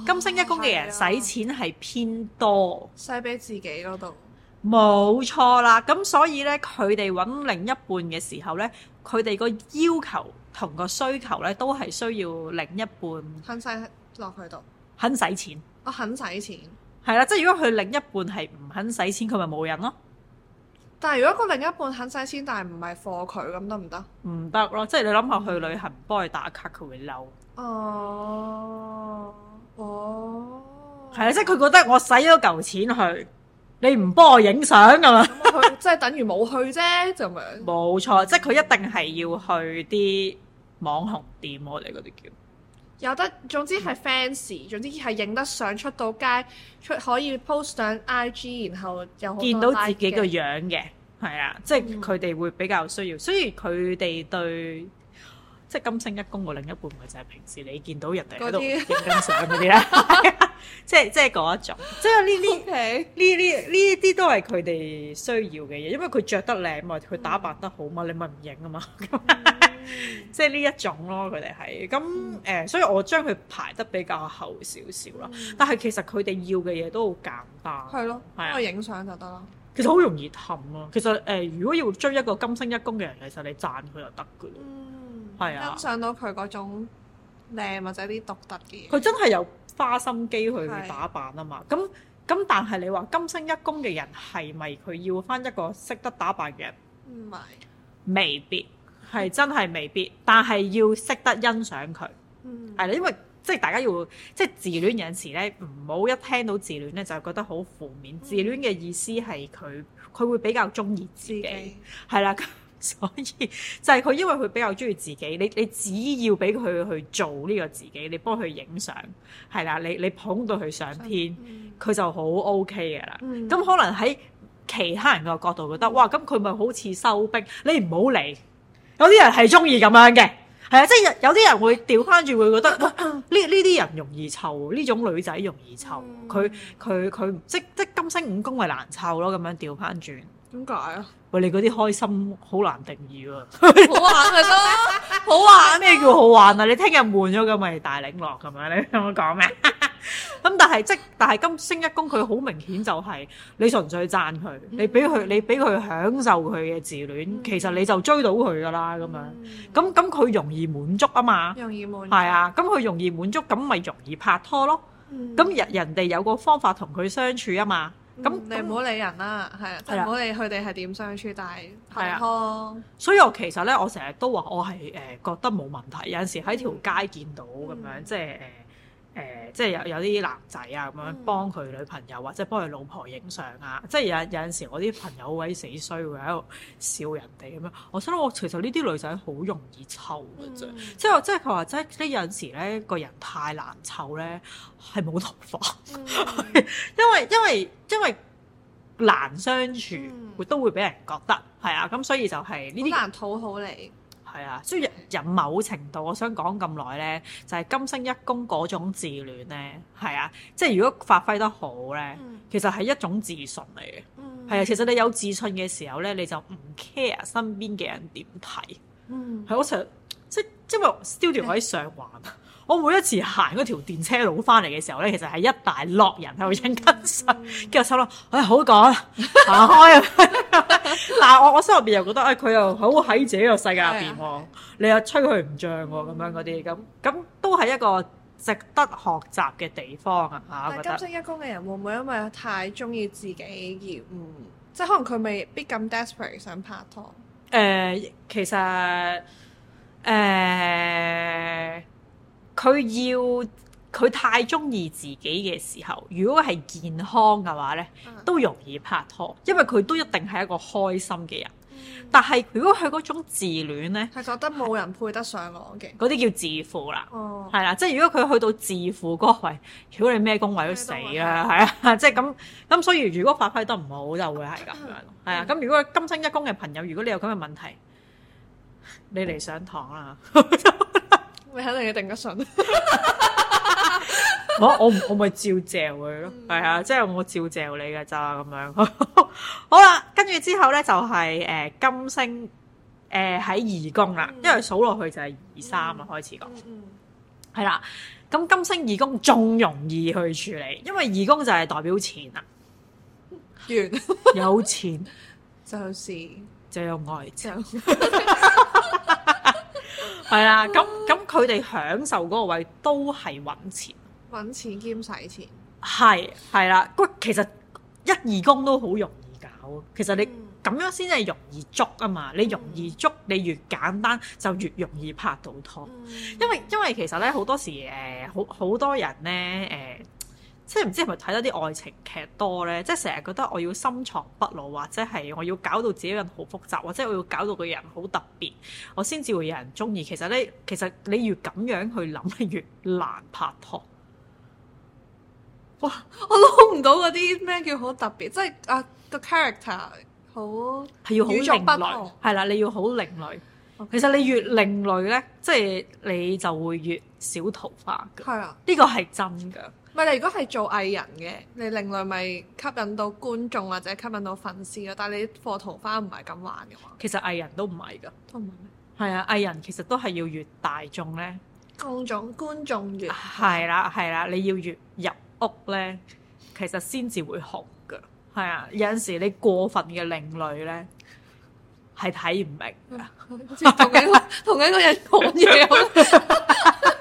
Speaker 1: 金星一宮嘅人使錢係偏多，
Speaker 2: 使俾自己嗰度。
Speaker 1: 冇錯啦。咁所以咧，佢哋揾另一半嘅時候咧，佢哋個要求同個需求咧，都係需要另一半
Speaker 2: 肯曬落去到肯使錢，我、哦、肯使
Speaker 1: 錢係啦，即係如果佢另一半係唔肯使錢，佢咪冇人咯。但係如果
Speaker 2: 個另一半肯使錢，但係唔係 for 佢咁得唔得？
Speaker 1: 唔得咯，即係你諗下去旅行，幫佢打卡，佢會嬲哦哦，係啊、
Speaker 2: uh oh，
Speaker 1: 即係佢覺得我使咗嚿錢去，你唔幫我影相噶嘛？即
Speaker 2: 係等於冇去啫，就咁、是、樣。
Speaker 1: 冇錯，即係佢一定係要去啲網紅店，我哋嗰啲叫。
Speaker 2: 有得，總之係 fancy、嗯、總之係影得相出到街，出可以 post 上 IG，然後有、like、見到自己個
Speaker 1: 樣嘅，係啊，即係佢哋會比較需要，嗯、所以佢哋對即係金星一宮嘅另一半咪就係平時你見到人哋喺度影緊相嗰啲啦，即係即係嗰一種，即係呢啲呢呢呢啲都係佢哋需要嘅嘢，因為佢着得靚嘛，佢打扮得好嘛，嗯、你咪唔影啊嘛。即係呢一種咯，佢哋係咁誒，所以我將佢排得比較後少少啦。嗯、但係其實佢哋要嘅嘢都好簡單，係
Speaker 2: 咯了，幫、啊、我影相就得啦、
Speaker 1: 啊。其實好容易氹咯。其實誒，如果要追一個金星一宮嘅人，其、就、實、是、你讚佢就得噶。嗯，係啊，欣賞
Speaker 2: 到佢嗰種靚或者啲獨特嘅嘢。佢
Speaker 1: 真係有花心機去打扮啊嘛。咁咁對，但係你話金星一宮嘅人係咪佢要翻一個識得打扮嘅人？唔係是，未必。係真係未必，但係要識得欣賞佢，係啦、嗯。因為即係大家要即係自戀有時呢，有陣時咧唔好一聽到自戀咧就覺得好負面。嗯、自戀嘅意思係佢佢會比較中意自己，係啦己。咁所以就係、是、佢因為佢比較中意自己，你你只要俾佢去做呢個自己，你幫佢影相係啦，你你捧到佢上天，佢、嗯、就好 OK 嘅啦。咁、嗯、可能喺其他人嘅角度覺得，嗯、哇！咁佢咪好似收兵？你唔好嚟。有啲人係中意咁樣嘅，係啊，即係有啲人會調翻轉，會覺得呢呢啲人容易湊，呢種女仔容易湊，佢佢佢即即金星五功為難湊咯，咁樣調翻轉。
Speaker 2: 點解啊？
Speaker 1: 喂，你嗰啲開心好難定義喎。好玩係 好玩，咩叫好玩啊？你聽日悶咗咁咪大嶺落咁樣，你聽我講咩？ 咁但係即係，但係金星一宮，佢好明顯就係你純粹讚佢，你俾佢，你俾佢享受佢嘅自戀，其實你就追到佢噶啦咁樣。咁咁佢容易滿足啊嘛，容
Speaker 2: 易滿足，係啊。
Speaker 1: 咁佢容易滿足，咁咪容易拍拖咯。
Speaker 2: 咁人
Speaker 1: 人哋有個方法同佢相處啊嘛。
Speaker 2: 咁你唔好理人啦，係唔好理佢哋係點相處，但係拍拖。
Speaker 1: 所以我其實咧，我成日都話我係誒覺得冇問題。有陣時喺條街見到咁樣，即係誒。誒、呃，即係有有啲男仔啊，咁樣幫佢女朋友或者幫佢老婆影相啊，即係有有陣時我啲朋友好鬼死衰，會喺度笑人哋咁樣。我想諗，我其實呢啲女仔好容易湊嘅啫、嗯，即係即係佢話，即係有陣時咧，個人太難湊咧，係冇同房，因為因為因為難相處，都會俾人覺得係啊，咁、嗯、所以就係呢啲難討好你。係啊，所以人某程度，我想講咁耐咧，就係金星一宮嗰種自戀咧，係啊，即係如果發揮得好咧，其實係一種自信嚟嘅。係、嗯、啊，其實你有自信嘅時候咧，你就唔 care 身邊嘅人點睇。係、嗯啊，我成日即係因為 studio 可以上環。嗯 我每一次行嗰條電車路翻嚟嘅時候咧，其實係一大落人喺度陰間勢，跟住、嗯哎、我，我心諗，唉好講行開。嗱，我我心入邊又覺得，唉、哎、佢又好喺自己個世界入邊喎，啊、你又吹佢唔脹喎，咁、嗯、樣嗰啲，咁咁都係一個值得學習嘅地方啊嚇！金星一
Speaker 2: 宮嘅人會唔會因為太鍾意自己而唔，嗯、即係可能佢未必咁 desperate 想拍拖？
Speaker 1: 誒、呃，其實誒。呃佢要佢太中意自己嘅時候，如果係健康嘅話呢，都容易拍拖，因為佢都一定係一個開心嘅人。嗯、但係如果佢嗰種自戀呢，
Speaker 2: 係覺得冇人配得上我嘅，
Speaker 1: 嗰啲叫自負啦。哦，係啦，即係如果佢去到自負嗰位，如果你咩工位都死啦，係啊，即係咁咁。所以如果發揮得唔好，就會係咁樣。係啊，咁、嗯、如果金星一宮嘅朋友，如果你有咁嘅問題，你嚟上堂啦。
Speaker 2: 你肯定要定得順
Speaker 1: 我我我咪照借佢咯，係、嗯、啊，即係我照借你噶咋咁樣。好啦，跟住之後咧就係誒金星誒喺二宮啦，因為數落去就係二三啊開始講，係啦。咁金星二宮仲容易去處理，因為二宮就係代表錢啦完， 有錢就是就有愛情。 係啦，咁咁佢哋享受嗰個位都係搵錢，
Speaker 2: 搵錢兼使錢，
Speaker 1: 係係啦。佢其實一二宮都好容易搞，其實你咁樣先係容易捉啊嘛。你容易捉，嗯、你越簡單就越容易拍到拖。嗯、因為因為其實咧好多時誒，好、呃、好多人咧誒。呃即係唔知係咪睇咗啲愛情劇多咧？即係成日覺得我要深藏不露，或者係我要搞到自己人好複雜，或者我要搞到個人好特別，我先至會有人中意。其實咧，其實你越咁樣去諗，越難拍拖。
Speaker 2: 哇！我諗唔到嗰啲咩叫好特別？即係啊個 character 好係要好另類，
Speaker 1: 係啦，你要好另類。Okay. 其實你越另類咧，即係你就會越少桃花嘅。係啊的，呢個係真嘅。
Speaker 2: 唔係你如果係做藝人嘅，你另類咪吸引到觀眾或者吸引到粉絲咯。但係你課桃花唔係咁玩嘅嘛？
Speaker 1: 其實藝人都唔係噶，
Speaker 2: 都唔
Speaker 1: 係。係啊，藝人其實都係要越大眾咧，
Speaker 2: 公眾觀眾越
Speaker 1: 係啦，係啦、啊啊啊，你要越入屋咧，其實先至會紅嘅。係啊，有陣時你過分嘅另類咧，係睇唔明嘅。
Speaker 2: 即係同 一同一個
Speaker 1: 人講嘢。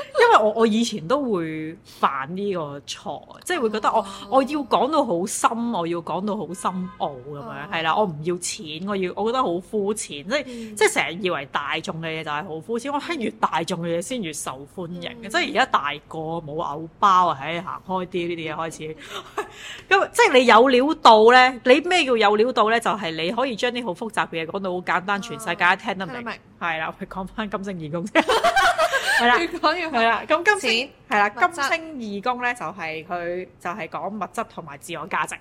Speaker 1: 因為我我以前都會犯呢個錯，即係會覺得我我要講到好深，我要講到好深奧咁樣，係啦、啊，我唔要錢，我要我覺得好膚淺，即係、嗯、即係成日以為大眾嘅嘢就係好膚淺，我係越大眾嘅嘢先越受歡迎嘅，嗯、即係而家大個冇偶包啊，唉、哎，行開啲呢啲嘢開始，咁 即係你有料到咧？你咩叫有料到咧？就係、是、你可以將啲好複雜嘅嘢講到好簡單，啊、全世界都聽得明。係啦、嗯，我講翻金星言講先。 係啦，係啦，咁今次，係啦，金星二宮咧就係佢就係講物質同埋自我價值。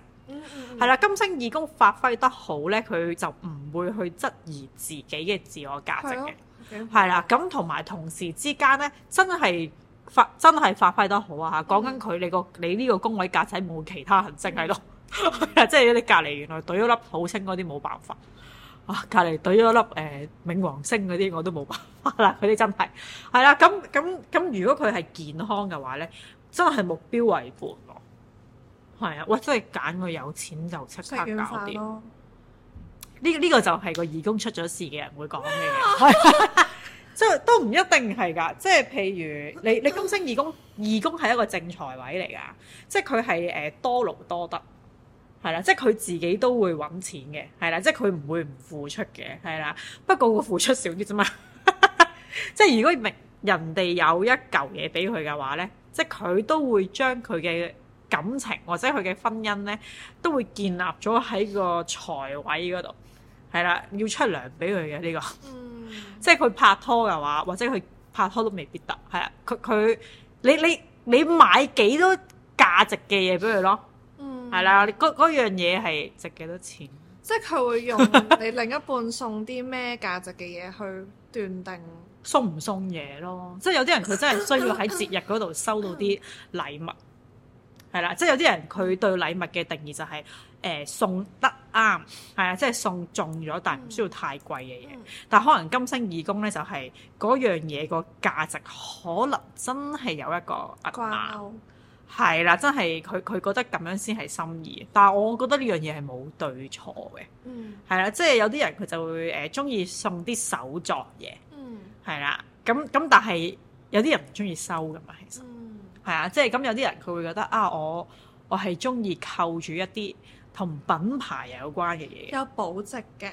Speaker 2: 係啦，
Speaker 1: 金星二宮發揮得好咧，佢就唔會去質疑自己嘅自我價值嘅。係啦、嗯，咁同埋同時之間咧，真係發真係發揮得好啊！吓，講緊佢你個你呢個宮位格仔冇其他行星喺度，嗯嗯、 即係你隔籬原來懟咗粒土星嗰啲冇辦法。隔離懟咗粒誒冥王星嗰啲，我都冇辦法啦、啊。佢哋真係係啦。咁咁咁，如果佢係健康嘅話咧，真係目標為本咯。係啊，我真係揀佢有錢就即刻
Speaker 2: 搞
Speaker 1: 掂。呢呢個就係個二宮出咗事嘅人會講嘅嘢，即係都唔一定係㗎。即係譬如你你金星二宮二宮係一個正財位嚟㗎，即係佢係誒多勞多得。係啦，即係佢自己都會搵錢嘅，係啦，即係佢唔會唔付出嘅，係啦。不過佢付出少啲啫嘛。即係如果明人哋有一嚿嘢俾佢嘅話咧，即係佢都會將佢嘅感情或者佢嘅婚姻咧，都會建立咗喺個財位嗰度。係啦，要出糧俾佢嘅呢個。 即係佢拍拖嘅話，或者佢拍拖都未必得。係啊，佢佢你你你買幾多價值嘅嘢俾佢咯？係啦，嗰嗰、嗯嗯、樣嘢係值幾多錢？
Speaker 2: 即係佢會用你另一半送啲咩價值嘅嘢
Speaker 1: 去斷定 送唔送嘢咯。即係有啲人佢真係需要喺節日嗰度收到啲禮物。係、嗯、啦，即係有啲人佢對禮物嘅定義就係、是、誒、呃、送得啱，係啊，即係送中咗，但係唔需要太貴嘅嘢。嗯嗯、但係可能金星二宮咧就係、是、嗰樣嘢個價值可能真係有一個掛係啦，真係佢佢覺得咁樣先係心意，但係我覺得呢樣嘢係冇對錯嘅。嗯，係啦，即係有啲人佢就會誒中意送啲手作嘢。嗯，係啦，咁咁但係有啲人唔中意收㗎嘛，其實。嗯。係啊，即係咁有啲人佢會覺得啊，我我係中意扣住一啲同品牌有關嘅嘢。
Speaker 2: 有保值嘅。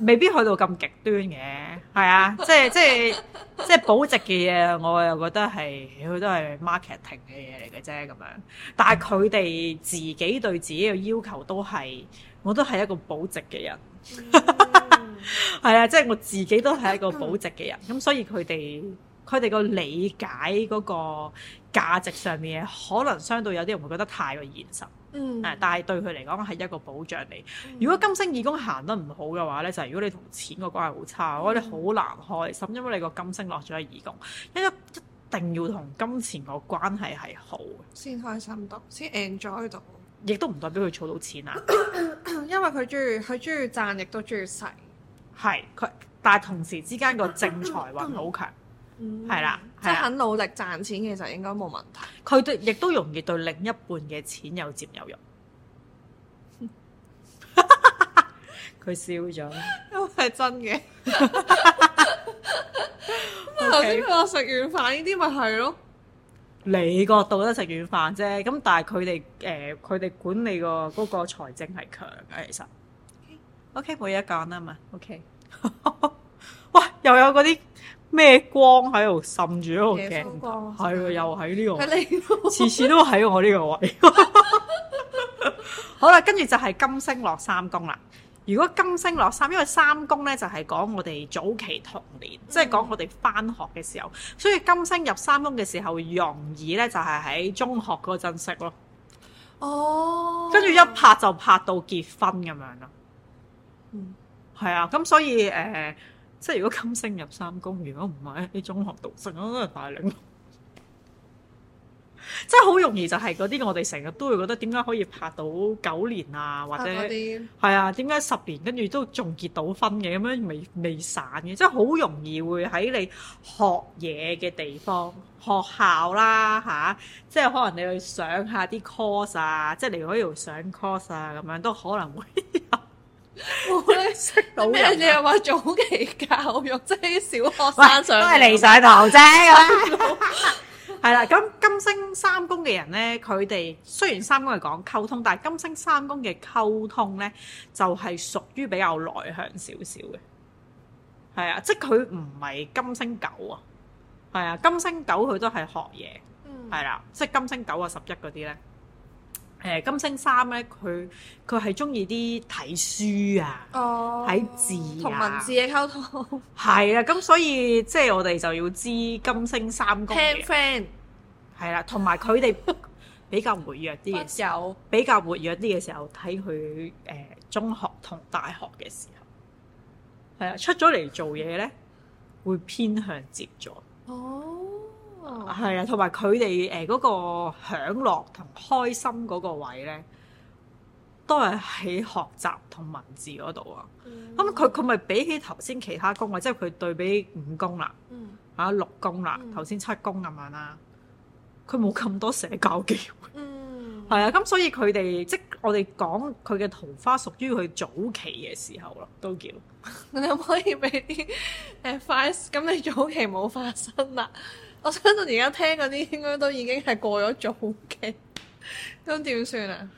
Speaker 1: 未必去到咁極端嘅，係啊，即係即係即係保值嘅嘢，我又覺得係，佢都係 marketing 嘅嘢嚟嘅啫咁樣。但係佢哋自己對自己嘅要求都係，我都係一個保值嘅人，係、嗯、 啊，即係我自己都係一個保值嘅人。咁所以佢哋佢哋個理解嗰個價值上面，可能相對有啲人會覺得太過現實。嗯，但係對佢嚟講係一個保障嚟。嗯、如果金星二宮行得唔好嘅話呢，就係、是、如果你同錢個關係好差，我哋、嗯、好難開心，因為你個金星落咗喺二宮，一一定要同金錢個關係係好
Speaker 2: 先開心先到，先 enjoy 到。
Speaker 1: 亦都唔代表佢儲到錢啊
Speaker 2: 因為佢中意佢中意賺，亦都中意使。係佢 ，
Speaker 1: 但係同時之間個正財運好強，係、哦哦哦嗯、啦。即係肯努力賺錢，其實應該冇問題。佢哋亦都容易對另一半嘅錢有佔有欲。佢、嗯、笑咗，因
Speaker 2: 為係真嘅。咁頭先我食軟飯呢啲咪係咯？Okay.
Speaker 1: 你個度都食軟飯啫，咁但係佢哋誒，佢、呃、哋管理個嗰個財政係強嘅，其實。O K，冇一講啊嘛，O K。Okay. 哇，又有嗰啲。咩光喺度滲住個鏡頭，係喎， 又喺呢個次你次都喺我呢個位。好啦，跟住就係金星落三宮啦。如果金星落三，因為三宮呢就係講我哋早期童年，即係講我哋翻學嘅時候，所以金星入三宮嘅時候，容易呢就係喺中學嗰陣識咯。
Speaker 2: 哦，
Speaker 1: 跟住一拍就拍到結婚咁樣咯。嗯，係啊，咁所以誒。呃即係如果金星入三宮，如果唔係喺啲中學讀成我都係大領， 即係好容易就係嗰啲我哋成日都會覺得點解可以拍到九年啊，或者係啊，點解十年跟住都仲結到婚嘅，咁樣未未散嘅，即係好容易會喺你學嘢嘅地方、學校啦吓，即係可能你去上一下啲 course 啊，即係你如果要上 course 啊，咁樣都可能會有。
Speaker 2: 我咧識到嘅，你又話早期
Speaker 1: 教育即係小學生上都係離晒頭啫。係啦，咁金星三宮嘅人咧，佢哋雖然三宮係講溝通，但係金星三宮嘅溝通咧，就係屬於比較內向少少嘅。係啊，即係佢唔係金星九啊。係啊，金星九佢都係學嘢，係啦，即係金星九啊十一嗰啲咧。誒、呃、金星三咧，佢佢係中意啲睇書啊，睇、
Speaker 2: oh, 字同、啊、文字嘅溝通
Speaker 1: 係 啊，咁所以即係我哋就要知金星三宮嘅 friend 係 Friend 啦，同埋佢哋比較活躍啲嘅時候， 有比較活躍啲嘅時候，睇佢誒中學同大學嘅時候，係啊，出咗嚟做嘢咧，會偏向接觸。Oh. 係啊，同埋佢哋誒嗰個享樂同開心嗰個位咧，都係喺學習同文字嗰度啊。咁佢佢咪比起頭先其他宮位，即係佢對比五宮啦，嚇、mm. 啊、六宮啦，頭先、mm. 七宮咁樣啦，佢冇咁多社交機會。嗯、 mm.，係啊，咁所以佢哋即係我哋講佢嘅桃花屬於佢早期嘅時候咯，都叫。
Speaker 2: 你可唔可以俾啲誒 advice？咁你早期冇發生啊？我想到而家聽嗰啲應該都已經係過咗早期。咁點算啊？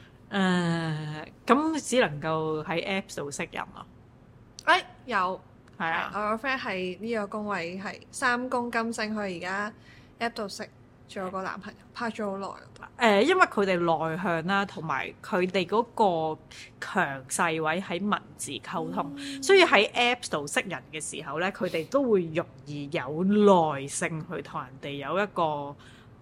Speaker 1: 誒，咁只能夠喺 a p p 度識人咯。
Speaker 2: 哎，有，係啊，我個 friend 係呢個宮位係三宮金星，佢而家 a p p 度識。仲有個男朋友拍咗好耐，
Speaker 1: 誒、呃，因為佢哋內向啦，同埋佢哋嗰個強勢位喺文字溝通，嗯、所以喺 Apps 度識人嘅時候咧，佢哋都會容易有耐性去同人哋有一個。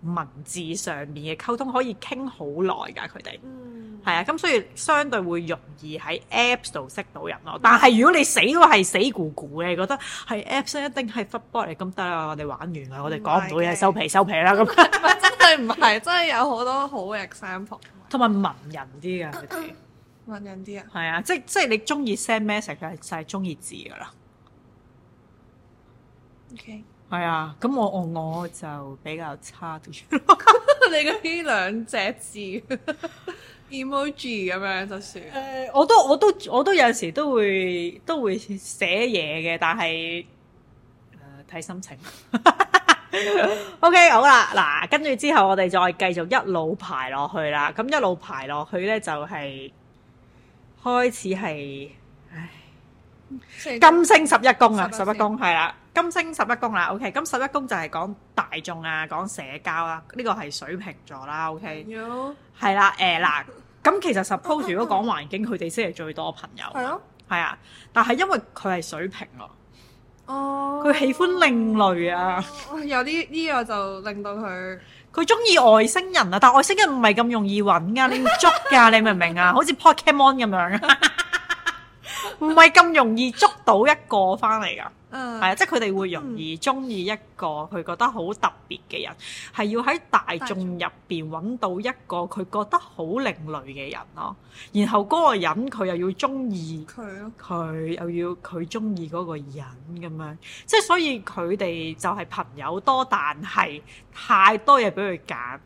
Speaker 1: 文字上面嘅溝通可以傾好耐㗎，佢哋、嗯，係啊，咁所以相對會容易喺 Apps 度識到人咯。嗯、但係如果你死都係死固固嘅，你覺得係 Apps 一定係 fuck boy 嚟，咁得啦，我哋玩完啦，是我哋講唔到嘢，收皮收皮啦，咁 真係唔係，真係有好多好嘅 example。同埋還有 文人啲嘅佢哋文人啲啊，係啊，即係即係你中意 send message，就係中意字㗎啦。Okay. 係啊，咁我我就比較差啲，
Speaker 2: 你嗰啲兩隻字 emoji 咁樣
Speaker 1: 就算。誒，我都我都我都有時都會都會寫嘢嘅，但係睇、呃、心情。 o、okay, K 好啦，嗱跟住之後我哋再繼續一路排落去啦，咁一路排落去咧就係、係、開始係唉金星十一宮啊，十一宮係啦。金星十一宮啦，OK，咁十一宮就係講大眾啊，講社交啊，呢個係水瓶座啦，OK，係啦，誒嗱，咁其實 suppose 如果講環境，佢哋先係最多朋友，係咯，係啊，但係因為佢係水瓶咯，哦，
Speaker 2: 佢喜
Speaker 1: 歡另類啊，
Speaker 2: 有啲呢個就令到佢，
Speaker 1: 佢中意外星人啊，但外星人唔係咁容易搵噶，你要捉噶，你明唔明啊？好似 Pokemon 咁樣啊，唔係咁容易捉到一個翻嚟噶。
Speaker 2: 嗯，係啊、uh, 是，即係佢哋會容易
Speaker 1: 中意一個佢覺得好特別嘅人，係、嗯、要喺大眾入邊揾到一個佢覺得好另類嘅人咯。然後嗰個人佢又要中意佢，佢又要佢中意嗰個人咁樣。即係所以佢哋就係朋友多，但係太多嘢俾佢揀。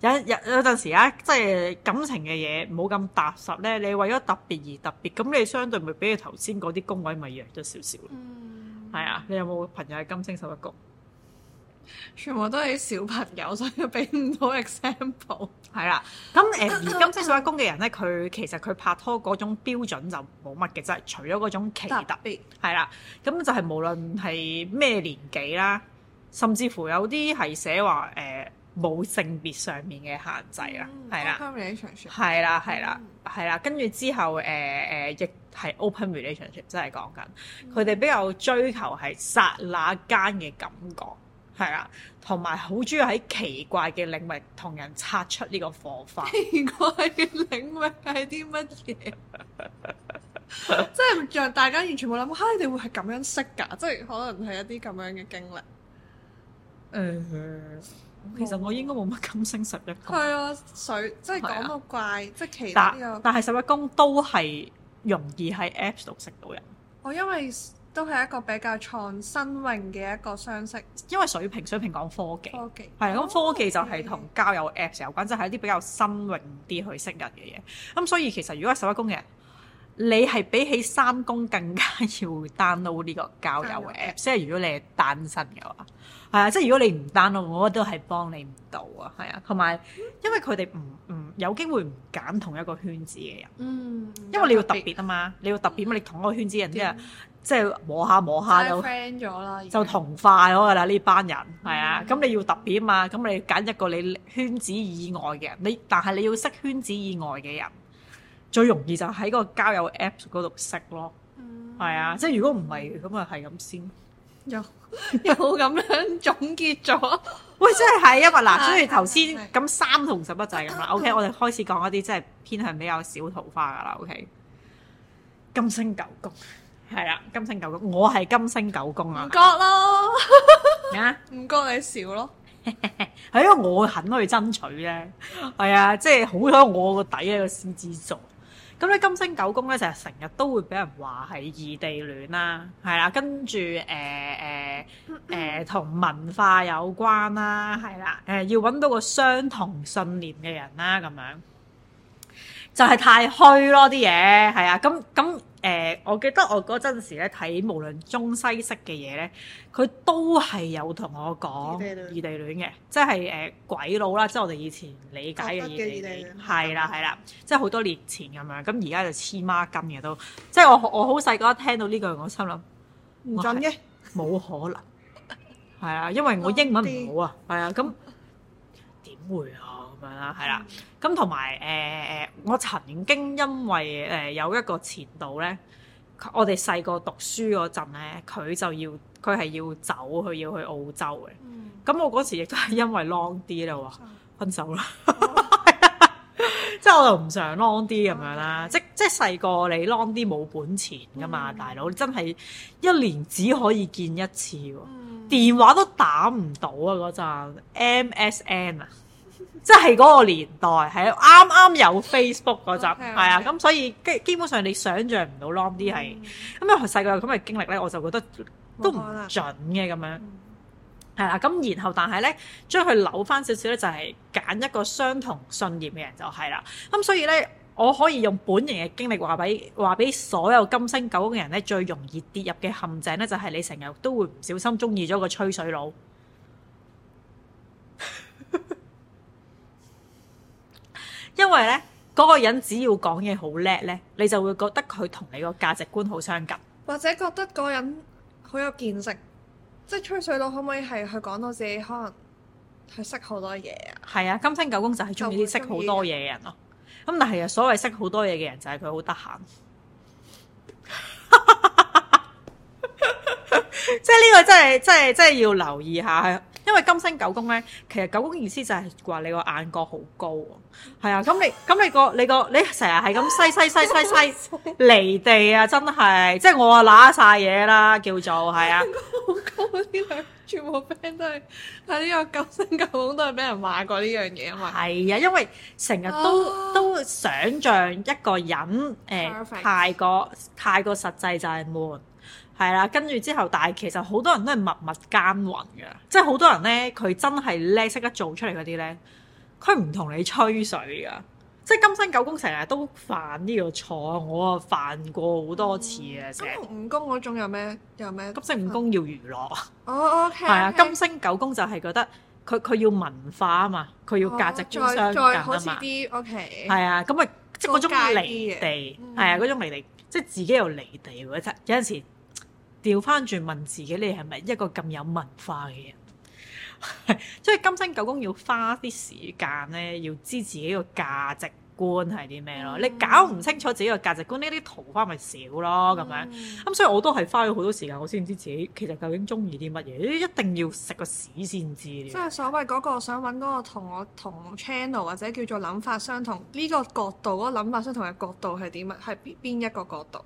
Speaker 1: 有有有陣時啊，即係感情嘅嘢，冇咁踏實咧。你為咗特別而特別，咁你相對咪比你頭先嗰啲宮位咪弱咗少少咯。嗯。係啊，你有冇朋友係金星十一宮？全部都係小朋友，所以俾唔到 example。係 啦，咁誒、呃、金星十一宮嘅人咧，佢其實佢拍拖嗰種標準就冇乜嘅啫，除咗嗰種奇特，特別係啦，咁就係無論係咩年紀啦，甚至乎有啲係寫話誒。呃冇性別上面嘅限制啊，嗯、了係啦，了係啦，係啦，係啦，跟住之後誒誒、呃呃，亦係 open relationship，即係講緊佢哋比較追求係剎那間嘅感覺，係啊，同埋好中意喺奇怪嘅領域同人擦出呢個火花。奇
Speaker 2: 怪嘅領域係啲乜嘢？即係讓大家完全冇諗過，嚇你哋會係咁樣識㗎？即係可能係一啲咁樣嘅經歷。誒、嗯。
Speaker 1: 其實我應該冇乜金星十一宮。係
Speaker 2: 啊，水即係講到怪，即係其他、這個但。但但係
Speaker 1: 十一宮都係容易喺 Apps 度識到人。
Speaker 2: 我因為都係一個比較創新穎嘅一個相識，因
Speaker 1: 為水平水平講科技。科技係啊，咁對、哦、科技就係同交友 Apps 有關，即、就、係、是、一啲比較新穎啲去識人嘅嘢。咁所以其實如果係十一宮嘅人，你係比起三宮更加要 download 呢個交友 Apps，即係的如果你係單身嘅話。係啊，即係如果你唔單咯，我覺得都係幫你唔到啊。係啊，同埋因為佢哋唔唔有機會唔揀同一個圈子嘅人。嗯。因為你要特別啊嘛、嗯特別，你要特別你同一個圈子人即係即係摸下摸下就
Speaker 2: friend 咗啦，就同
Speaker 1: 化咗㗎啦呢班人。係啊，咁你要特別啊嘛，咁你揀一個你圈子以外嘅人，你但係你要識圈子以外嘅人，最容易就喺個交友 app 嗰度識咯。嗯。係啊，即係如果唔係咁啊，係咁先。
Speaker 2: 有 又咁樣總結咗？ 喂，真係係，因為嗱，所以頭先
Speaker 1: 咁三同十一就係咁啦。 o、OK, K，我哋開始講一啲真係偏向比較少桃花噶啦。O K，金星九宮係啦，金星九宮，我係、 啊、金星九宮覺 啊，唔覺
Speaker 2: 咯，啊唔覺你笑咯，
Speaker 1: 係因為我肯去爭取咧，係啊，啊，即係好彩我底個底咧，我先知道。咁咧金星九宮咧，成日成日都會俾人話係異地戀啦、啊，係啦，跟住誒誒誒同文化有關啦、啊，係啦，誒、呃、要揾到個相同信念嘅人啦、啊，咁樣。就係太虛咯啲嘢，係啊，咁咁誒，我記得我嗰陣時咧睇無論中西式嘅嘢咧，佢都係有同我講異地戀嘅，即係誒鬼佬啦，即係我哋以前理解嘅異地戀，係啦係啦，即係好多年前咁樣，咁而家就黐孖筋嘅都，即係我我好細個聽到呢句，我心諗唔準嘅，哎，冇可能，係 啊，因為我英文唔好啊，係啊，咁點會啊？咁樣啦，係啦，咁同埋誒誒，我曾經因為誒有一個前度咧，我哋細個讀書嗰陣咧，佢就要佢係要走，佢要去澳洲嘅。咁我嗰時亦都係因為 long 啲啦，喎分手啦。即係我就唔想 long 啲咁樣啦，即即細個你 long 啲冇本錢噶嘛，大佬你真係一年只可以見一次喎，電話都打唔到啊嗰陣，MSN 啊。即係嗰個年代，係啱啱有 Facebook 嗰陣，係 Okay, okay. 啊，咁所以基基本上你想象唔到 l o n 咯啲係，咁由細個咁嘅經歷咧，我就覺得都唔準嘅咁、嗯、樣，係、嗯、啦，咁、啊、然後但係咧，將佢扭翻少少咧，就係揀一個相同信念嘅人就係啦，咁、嗯、所以咧，我可以用本人嘅經歷話俾話俾所有金星九嘅人咧，最容易跌入嘅陷阱咧，就係、是、你成日都會唔小心中意咗個吹水佬。因為呢，嗰個人只要講嘢好叻呢，你就會覺得佢同你個價值觀好相近，
Speaker 2: 或者覺得嗰人好有見識。即係吹水佬，可唔可以係去講到自己可能去識好多嘢啊？
Speaker 1: 係啊，金星九宮就係中意啲識好多嘢嘅人咯。咁但係啊，所謂識好多嘢嘅人就係佢好得閒。 即係呢個真係真係真係要留意下。因為金星九宮咧，其實九宮意思就係話你個眼角好高喎，係啊，咁你咁你個你個你成日係咁西西西西西，西離地啊，真係，即係我啊揦晒嘢啦，叫做係啊，好高呢兩全部 friend 都係，係呢 個金星九宮都係俾人話過呢樣嘢啊嘛，係啊，因為成日都都想像一個人誒，太、呃、過 Perfect. 太過實際就係悶。係啦，跟住之後，但係其實好多人都係默默耕耘嘅，即係好多人咧，佢真係叻，識得做出嚟嗰啲咧，佢唔同你吹水㗎。即係金星九宮成日都犯呢個錯，我啊犯過好多次啊。金星五宮嗰種有咩有咩？金星五宮要娛樂哦，係啊。金星九宮就係覺得佢佢要文化啊嘛，佢要價值觀相近嘛。好似啲
Speaker 2: O K 係啊，咁
Speaker 1: 啊即係嗰種離地係啊，嗰種離地即係自己又離地喎。有陣時。調翻轉問自己，你係咪一個咁有文化嘅人？即係金星九宮要花啲時間咧，要知自己個價值觀係啲咩咯？嗯、你搞唔清楚自己個價值觀，呢啲桃花咪少咯咁樣。咁、嗯嗯、所以我都係花咗好多時間，我先唔知自己其實究竟中意啲乜嘢。一定要食個屎先知。即係
Speaker 2: 所謂嗰、嗰個想揾嗰個同我同 channel 或者叫做諗法相同呢、呢個角度，嗰、嗰、諗、個、法相同嘅角度係點啊？係邊邊一個角度？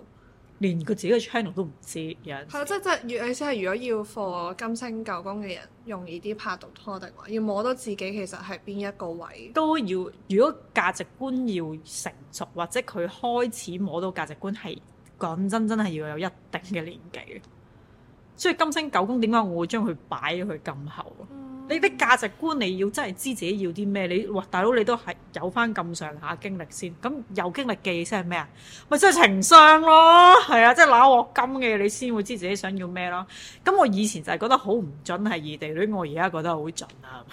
Speaker 1: 連佢自己嘅 channel 都唔知，有陣。係啊、嗯，即
Speaker 2: 係如係，意思係如果要放金星九宮嘅人容易啲拍到拖，定話要摸到自己其實係邊一個位？
Speaker 1: 都要。如果價值觀要成熟，或者佢開始摸到價值觀係，講真真係要有一定嘅年紀。所以金星九宮點解我會將佢擺咗去咁後？嗯你啲價值觀，你要真係知自己要啲咩？你哇，大佬你都係有翻咁上下經歷先，咁有經歷嘅意思係咩啊？咪即係情商咯，係啊，即係揦我金嘅，你先會知自己想要咩咯。咁我以前就係覺得好唔準係異地戀，我而家覺得好準啊。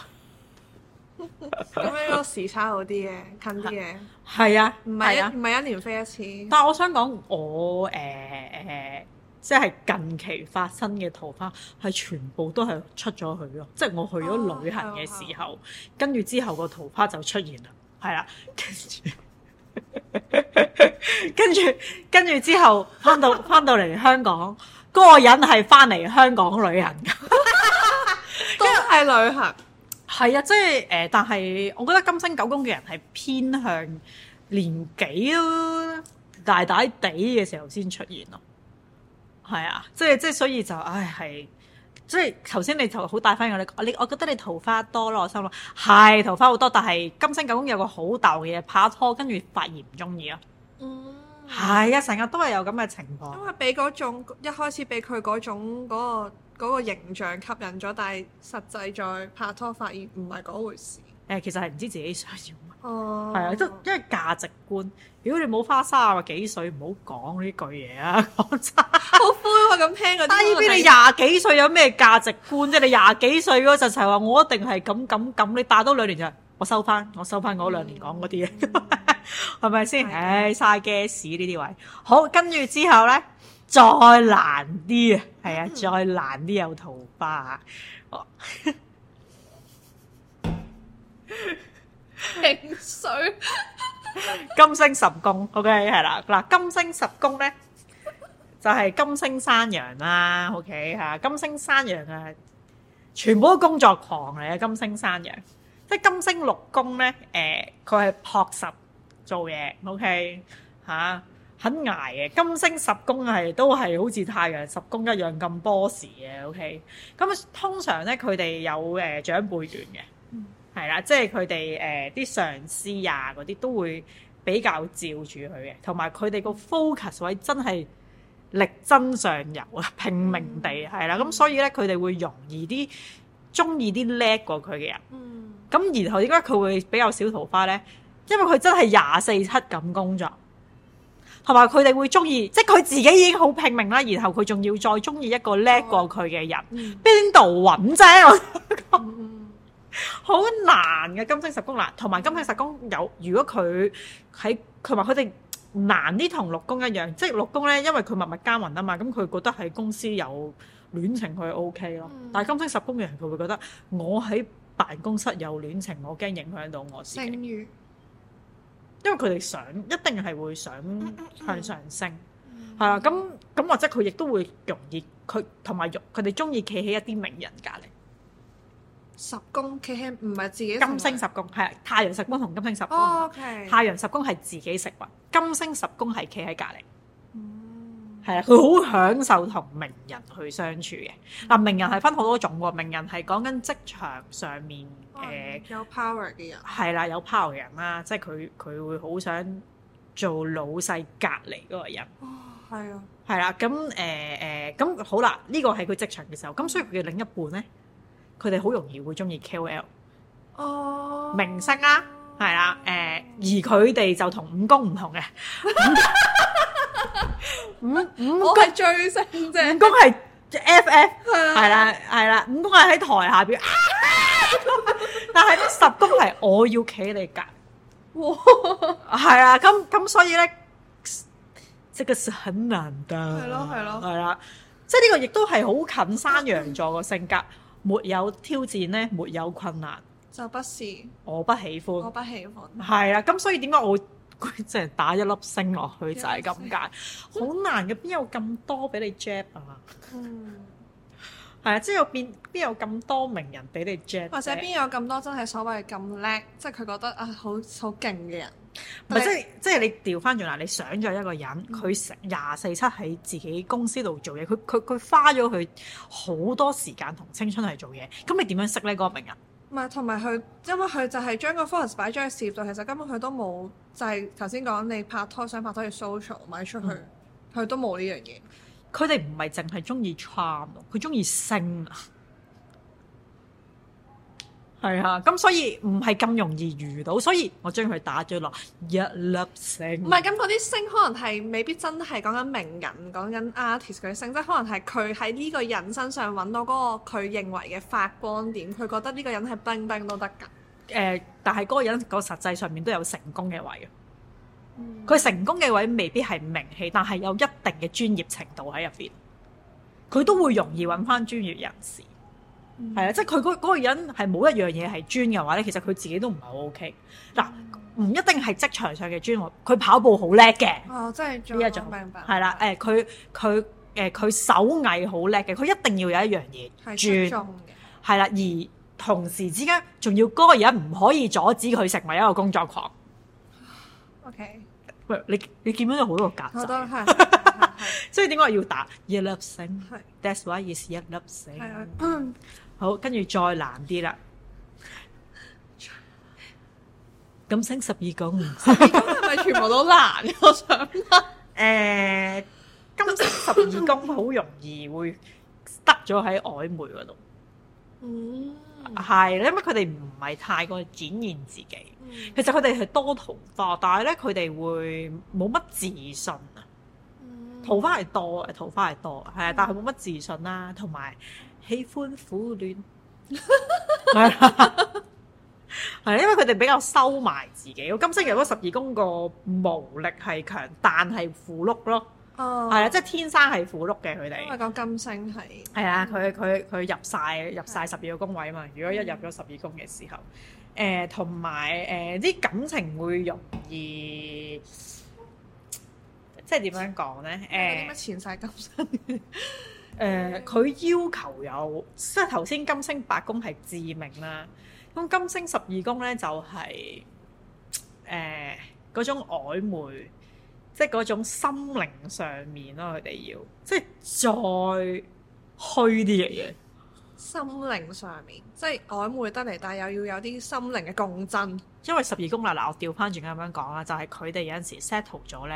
Speaker 2: 咁 樣個時差好啲嘅，近啲嘅。係 啊，唔
Speaker 1: 係唔係一年飛一次。啊、但係我想講我誒。欸欸即係近期發生嘅桃花，係全部都係出咗去咯。即係我去咗旅行嘅時候，哦啊、跟住之後個桃花就出現啦。係啦、啊，跟住 跟住跟住之後翻到翻到嚟香港，嗰 個人係翻嚟香港旅行， 都係旅行係 啊。即係誒、呃，但係我覺得金星九宮嘅人係偏向年紀大大地嘅時候先出現咯。係啊，即係即係，所以就唉，係即係頭先你就好大翻我你，你，我覺得你桃花多咯，我心諗係桃花好多，但係金星九宮有個好逗嘅嘢，拍拖跟住發現唔中意啊。嗯，係啊，成日都係有咁嘅情況，因
Speaker 2: 為俾嗰種一開始俾佢嗰種嗰、嗰個、嗰個形象吸引咗，但係實際在拍拖發現唔係嗰回事，
Speaker 1: 誒、呃，其實係唔知自己想要。哦，係啊、oh.，即因為價值觀。如果你冇花三十歲啊，幾歲唔好講呢句嘢啊！好灰喎，咁聽嗰啲。但係依邊你廿幾歲有咩價值觀啫？你廿幾歲嗰陣就係話我一定係咁咁咁，你打多兩年就我收翻，我收翻嗰兩年講嗰啲啊，係咪先？唉 Yeah.、哎，嘥嘅屎呢啲位。好，跟住之後咧，再難啲啊，係啊， 再難啲有桃花。
Speaker 2: 情緒
Speaker 1: 金星十宮，OK 係啦嗱，金星十宮咧就係金星山羊啦，OK 吓金星山羊啊，全部都工作狂嚟嘅金星山羊，即係金星六宮咧，誒佢係朴實做嘢，OK 吓很捱嘅金星十宮係都係好似太陽十宮一樣咁 boss 嘅，OK 咁通常咧佢哋有誒長輩緣嘅。係啦，即係佢哋誒，啲、呃、上司呀嗰啲都會比較照住佢嘅，同埋佢哋個 focus 位真係力爭上游啊，拼命地係啦，咁、嗯、所以咧，佢哋會容易啲中意啲叻過佢嘅人。咁、嗯、然後點解佢會比較少桃花咧？因為佢真係廿四七咁工作，同埋佢哋會中意，即係佢自己已經好拼命啦，然後佢仲要再中意一個叻過佢嘅人，邊度揾啫？ 好難嘅金星十宮難，同埋金星十宮有如果佢喺，佢話佢哋難啲同六宮一樣，即係六宮咧，因為佢默默耕耘啊嘛，咁佢覺得喺公司有戀情佢 OK 咯，嗯，但係金星十宮嘅人佢會，會覺得我喺辦公室有戀情，我驚影響到我自己。因為佢哋想一定係會想向上升，係啦，嗯嗯嗯，咁咁或者佢亦都會容易佢同埋佢哋中意企喺一啲名人隔籬。
Speaker 2: 十宮企喺唔係自己，金星
Speaker 1: 十宮係啊，太陽十宮同金星十宮，太陽十宮係自己食運，金星十宮係企喺隔籬係啊，佢好享受同名人去相處嘅。嗱，名人係分好多種㗎，名人係講緊職場上面，誒，有 power 嘅人係啦，有 power 嘅人啦，即係佢，佢會好想做老細隔籬嗰個人哦，係啊，係啦，咁，誒，誒，咁好啦，呢個係佢職場嘅時候，咁所以佢嘅另一半咧.佢哋好容易會中意 KOL 哦，明星啊，係啦，誒，而佢哋就同五宮唔同嘅，五五宮係追星啫，五宮係 FF 係啦係啦，五宮係喺台下邊，但係呢十宮係我要企喺你隔，哇，係啊，咁咁所以咧，這個是很難得，係咯係咯，係啦，即係呢個亦都係好近山羊座個性格。沒有挑戰呢，沒有困難
Speaker 2: 就不是。
Speaker 1: 我不喜歡，我不
Speaker 2: 喜歡。係
Speaker 1: 啊，咁所以點解我會即係打一粒星落去就係咁解？好難嘅，邊有咁多俾你 jap 啊？嗯，係啊， 即係有邊邊有咁多名人俾你 jap、啊、或者邊有
Speaker 2: 咁多真係所謂咁叻，即係佢覺得啊好好勁嘅人。
Speaker 1: 唔係即係即係你調翻轉啦！你想咗一個人，佢成廿四七喺自己公司度做嘢，佢佢佢花咗佢好多時間同青春嚟做嘢，咁你點樣識呢嗰個名人？
Speaker 2: 唔係同埋佢，因為佢就係將個 focus 擺咗喺事業度，其實根本佢都冇，就係頭先講你拍拖想拍拖去
Speaker 1: social 賣出去，佢都冇呢樣嘢。佢哋唔係淨係中意 charm，佢中意性。啊！係啊，咁所以唔係咁容易遇到，所以我將佢打咗落一粒星。唔
Speaker 2: 係咁，嗰啲星可能係未必真係講緊名人，講緊 artist 佢星，即係可能係佢喺呢個人身上揾到嗰個佢認為嘅發光點，佢覺得呢個人係冰冰都得㗎。誒、
Speaker 1: 呃，但係嗰個人個實際上面都有成功嘅位。佢、嗯、成功嘅位未必係名氣，但係有一定嘅專業程度喺入邊，佢都會容易揾翻專業人士。係啊，即係佢嗰嗰個人係冇一樣嘢係專嘅話咧，其實佢自己都唔係好 OK。嗱，唔一定係職場上嘅專，佢跑步好叻嘅。哦，真係，明白明白。係啦，誒，佢佢誒，佢手藝好叻嘅，佢一定要有一樣嘢係專。係啦，而同時之間仲要嗰個人唔可以阻止佢成為一個工作狂。
Speaker 2: O K。
Speaker 1: 喂，你你見到有好多格子？好多係。所以點解要打一粒星？係。That's why it's a 粒星。係啊。好，跟住再難啲啦。金星十二宮係咪全部都難？我想誒，金星十二宮好容易會得咗喺曖昧嗰度。嗯，係，因為佢哋唔係太過展現自己。其實佢哋係多桃花，但係咧，佢哋會冇乜自信啊。桃花係多，桃花係多，係，但係冇乜自信啦，同埋，喜歡苦戀，係啊，因為佢哋比較收埋自己。金星入咗十二宮個無力係強，但係苦碌咯，
Speaker 2: 係啊，即係
Speaker 1: 天生係苦碌嘅佢哋。因
Speaker 2: 為講金星係，係啊，
Speaker 1: 佢佢佢入晒入晒十二個宮位嘛。的如果一入咗十二宮嘅時候，誒、mm. 呃，同埋誒，啲、呃、感情會容易，即係點樣講咧？誒，點解纏晒金星？ 誒佢、呃、要求有即係頭先金星八宮係致命啦，咁金星十二宮呢，就係誒嗰種曖昧，即係嗰種心靈上面咯，佢哋要即係再虛啲嘅嘢。
Speaker 2: 心靈上面即係曖昧得嚟，但係又要有啲心靈嘅共
Speaker 1: 振。因為十二宮嗱嗱，我調翻轉咁樣講啦，就係佢哋有陣時 settle 咗呢，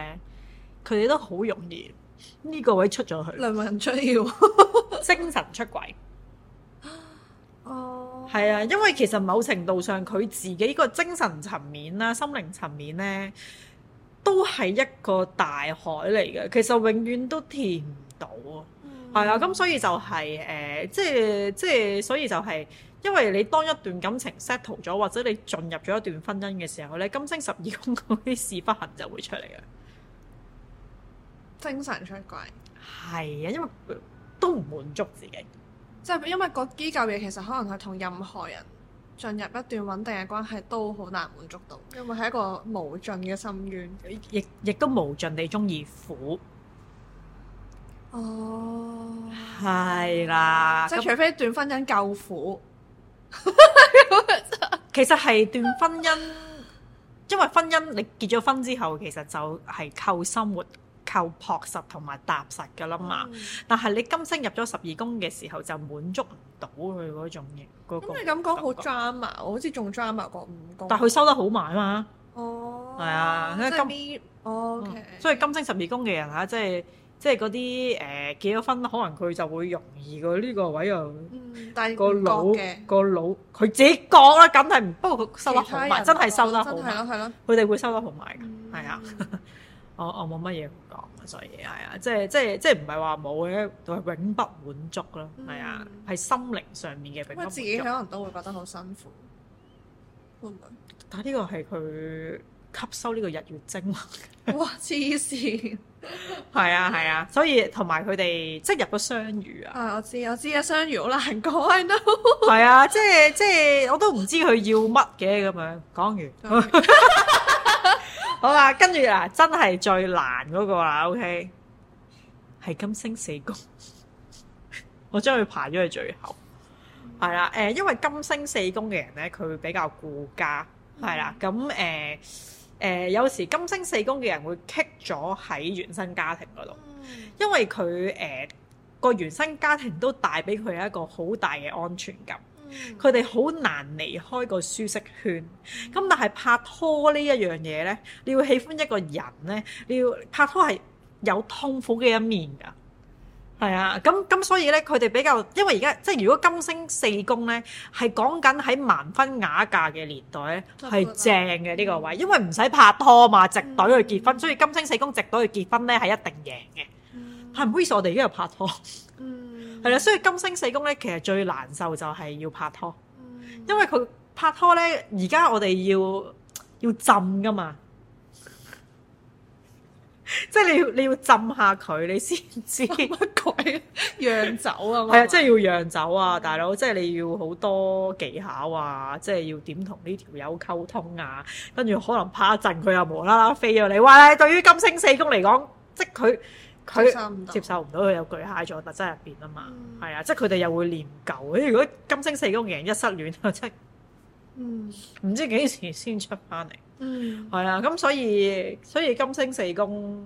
Speaker 1: 佢哋都好容易。呢個位出咗去，靈魂出竅，精神出軌。哦，係啊，因為其實某程度上佢自己個精神層面啦、心靈層面呢，都係一個大海嚟嘅，其實永遠都填唔到。係、嗯、啊，咁所以就係、是、誒、呃，即係即係，所以就係、是，因為你當一段感情 settle 咗，或者你進入咗一段婚姻嘅時候咧，你金星十二宮嗰啲事不行就會出嚟嘅。
Speaker 2: 精神出軌，
Speaker 1: 係啊，因為都唔滿足自
Speaker 2: 己，即係因為個機構嘢，其實可能佢同任何人進入一段穩定嘅關係都好難滿足到，因為係一個無盡嘅深淵，
Speaker 1: 亦亦都無盡地鍾意苦。哦，係啦，即係除非一段婚姻夠苦。其實係段婚姻，因為婚姻你結咗婚之後，其實就係靠生活。靠樸實同埋踏實噶啦嘛，但係你金星入咗十二宮嘅時候就滿足唔到佢嗰種型。咁你咁講好
Speaker 2: drama，我好似仲 drama 過五宮。但係佢收得好
Speaker 1: 埋啊嘛。哦，係啊，金，OK。所以金星十二宮嘅人啊，即係即係嗰啲誒，結咗婚可能佢就會容易過呢個位啊。但
Speaker 2: 係個腦
Speaker 1: 個腦佢自己講啦，梗係唔不過佢收得好埋，真係收得好埋，係咯係咯，佢哋會收得好埋噶，係啊。我我冇乜嘢講，所以係啊，即係即係即係唔係話冇嘅，就係永不滿足咯，係啊，係心靈上面嘅。不過我自己可能都
Speaker 2: 會覺得好辛苦，
Speaker 1: 但係呢個係佢吸收呢個日月精靈。
Speaker 2: 哇！黐線。
Speaker 1: 係啊係啊，所以同埋佢哋即係入咗雙魚
Speaker 2: 啊。啊！我知我知啊，
Speaker 1: 雙魚好難講係咯。係啊， 即係即係我都唔知佢要乜嘅咁樣講完。 好啦，跟住啦，真係最難嗰個啦，OK，係金星四宮， 我將佢排咗去最後，係啦，嗯，誒、呃，因為金星四宮嘅人咧，佢會比較顧家，係啦，嗯，咁誒誒，有時金星四宮嘅人會棘咗喺原生家庭嗰度，因為佢誒個原生家庭都帶俾佢一個好大嘅安全感。佢哋好難離開個舒適圈，咁但係拍拖呢一樣嘢呢，你要喜歡一個人呢，你要拍拖係有痛苦嘅一面噶，係啊，咁咁所以呢，佢哋比較，因為而家即係如果金星四宮呢，係講緊喺盲婚啞嫁嘅年代咧，係正嘅呢個位，因為唔使拍拖嘛，直隊去結婚，嗯、所以金星四宮直隊去結婚呢，係一定贏嘅，係唔好意思我哋而家日拍拖。嗯係啦，所以金星四宮咧，其實最難受就係要拍拖，因為佢拍拖咧，而家我哋要要浸㗎嘛， 即係你,你要你要浸下佢，你先知乜麼鬼釀酒 啊？係 啊，即係要釀酒啊，大佬！即係你要好多技巧啊，即係要點同呢條友溝通啊，跟住可能拍一陣佢又無啦啦飛咗你。哇！對於金星四宮嚟講，即係佢。佢接受唔到佢有巨蟹座特質入邊啊嘛，係啊、嗯，即係佢哋又會念舊。如果金星四宮人一失戀，即係，唔知幾時先出翻嚟。係啊，咁所以所以金星四宮，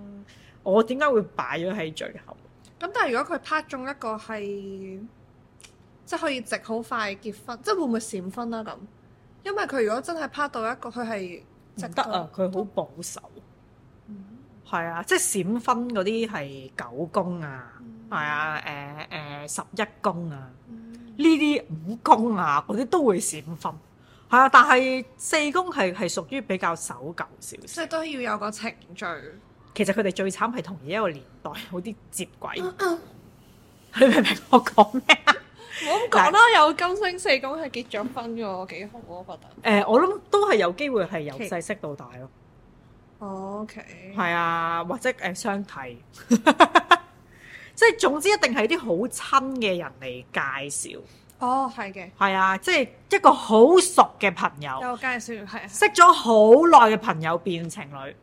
Speaker 1: 我點解會擺咗喺最後？
Speaker 2: 咁但係如果佢拍中一個係，即係可以直好快結婚，即係會唔會閃婚啦咁？因為佢如果真係拍到一個佢係
Speaker 1: 值得啊，佢好保守。係啊，即係閃婚嗰啲係九宮啊，係、嗯、啊，誒、呃、誒、呃、十一宮啊，呢啲、嗯、五宮啊嗰啲都會閃婚，係啊，但係四宮係係屬於比較守舊少少，
Speaker 2: 即係都要有個程序。
Speaker 1: 其實佢哋最慘係同而家個年代有，好啲接軌，嗯、你明唔明我講咩？唔好咁講啦， 啊、有
Speaker 2: 金星四宮係結咗婚嘅，幾好啊，我覺
Speaker 1: 得。我諗、呃、都係有機會係由細識到大咯。Okay.
Speaker 2: OK，係
Speaker 1: 啊，或者誒相睇，即、呃、係 總之一定係啲好親嘅人嚟介紹。
Speaker 2: 哦，係嘅。
Speaker 1: 係啊，即係一個好熟嘅朋友
Speaker 2: 有介紹，係啊，
Speaker 1: 識咗好耐嘅朋友變情侶。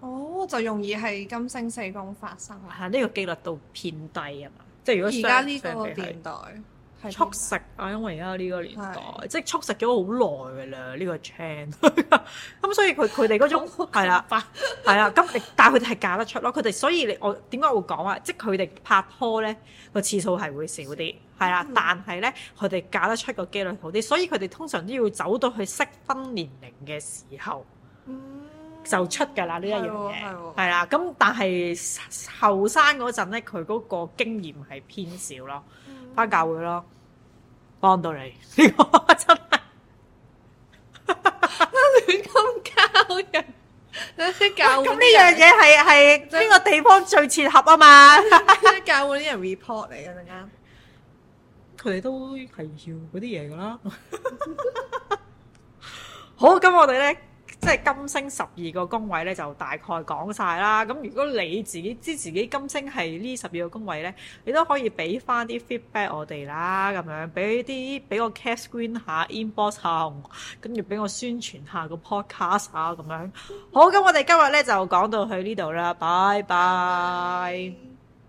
Speaker 2: 哦，就容易係金星四宮發生啊！係、
Speaker 1: 這、呢個機率度偏低啊嘛，即係如果而家呢個年代。速食啊！因為而家呢個年代，的即係速食咗好耐㗎啦。呢、呢個 chain 咁，所以佢、佢哋嗰種係啦，係啊。咁但係佢哋係嫁得出咯。佢哋所以你我點解會講啊？即係佢哋拍拖咧個次數係會少啲，係啊。但係咧佢哋嫁得出個機率好啲，所以佢哋通常都要走到去適婚年齡嘅時候、
Speaker 2: 嗯、
Speaker 1: 就出㗎啦呢一樣嘢。係啊、嗯。咁、哦哦、但係後生嗰陣咧，佢嗰個經驗係偏少咯。返教會咯，幫到你呢、這個真係亂咁教人，啲
Speaker 2: 教咁呢樣嘢係係邊個
Speaker 1: 地方最切合啊嘛？啲 教會啲人 report 嚟嘅，陣間，佢哋 都係要嗰啲嘢噶啦。 好，咁我哋咧。即係金星十二個宮位咧，就大概講晒啦。咁如果你自己知自己金星係呢十二個宮位咧，你都可以俾翻啲 feedback 我哋啦。咁樣俾啲俾個 cap screen 下 inbox 啊，跟住俾我宣傳下個 podcast 啊。咁樣好，咁我哋今日咧就講到去呢度啦。拜拜。拜拜。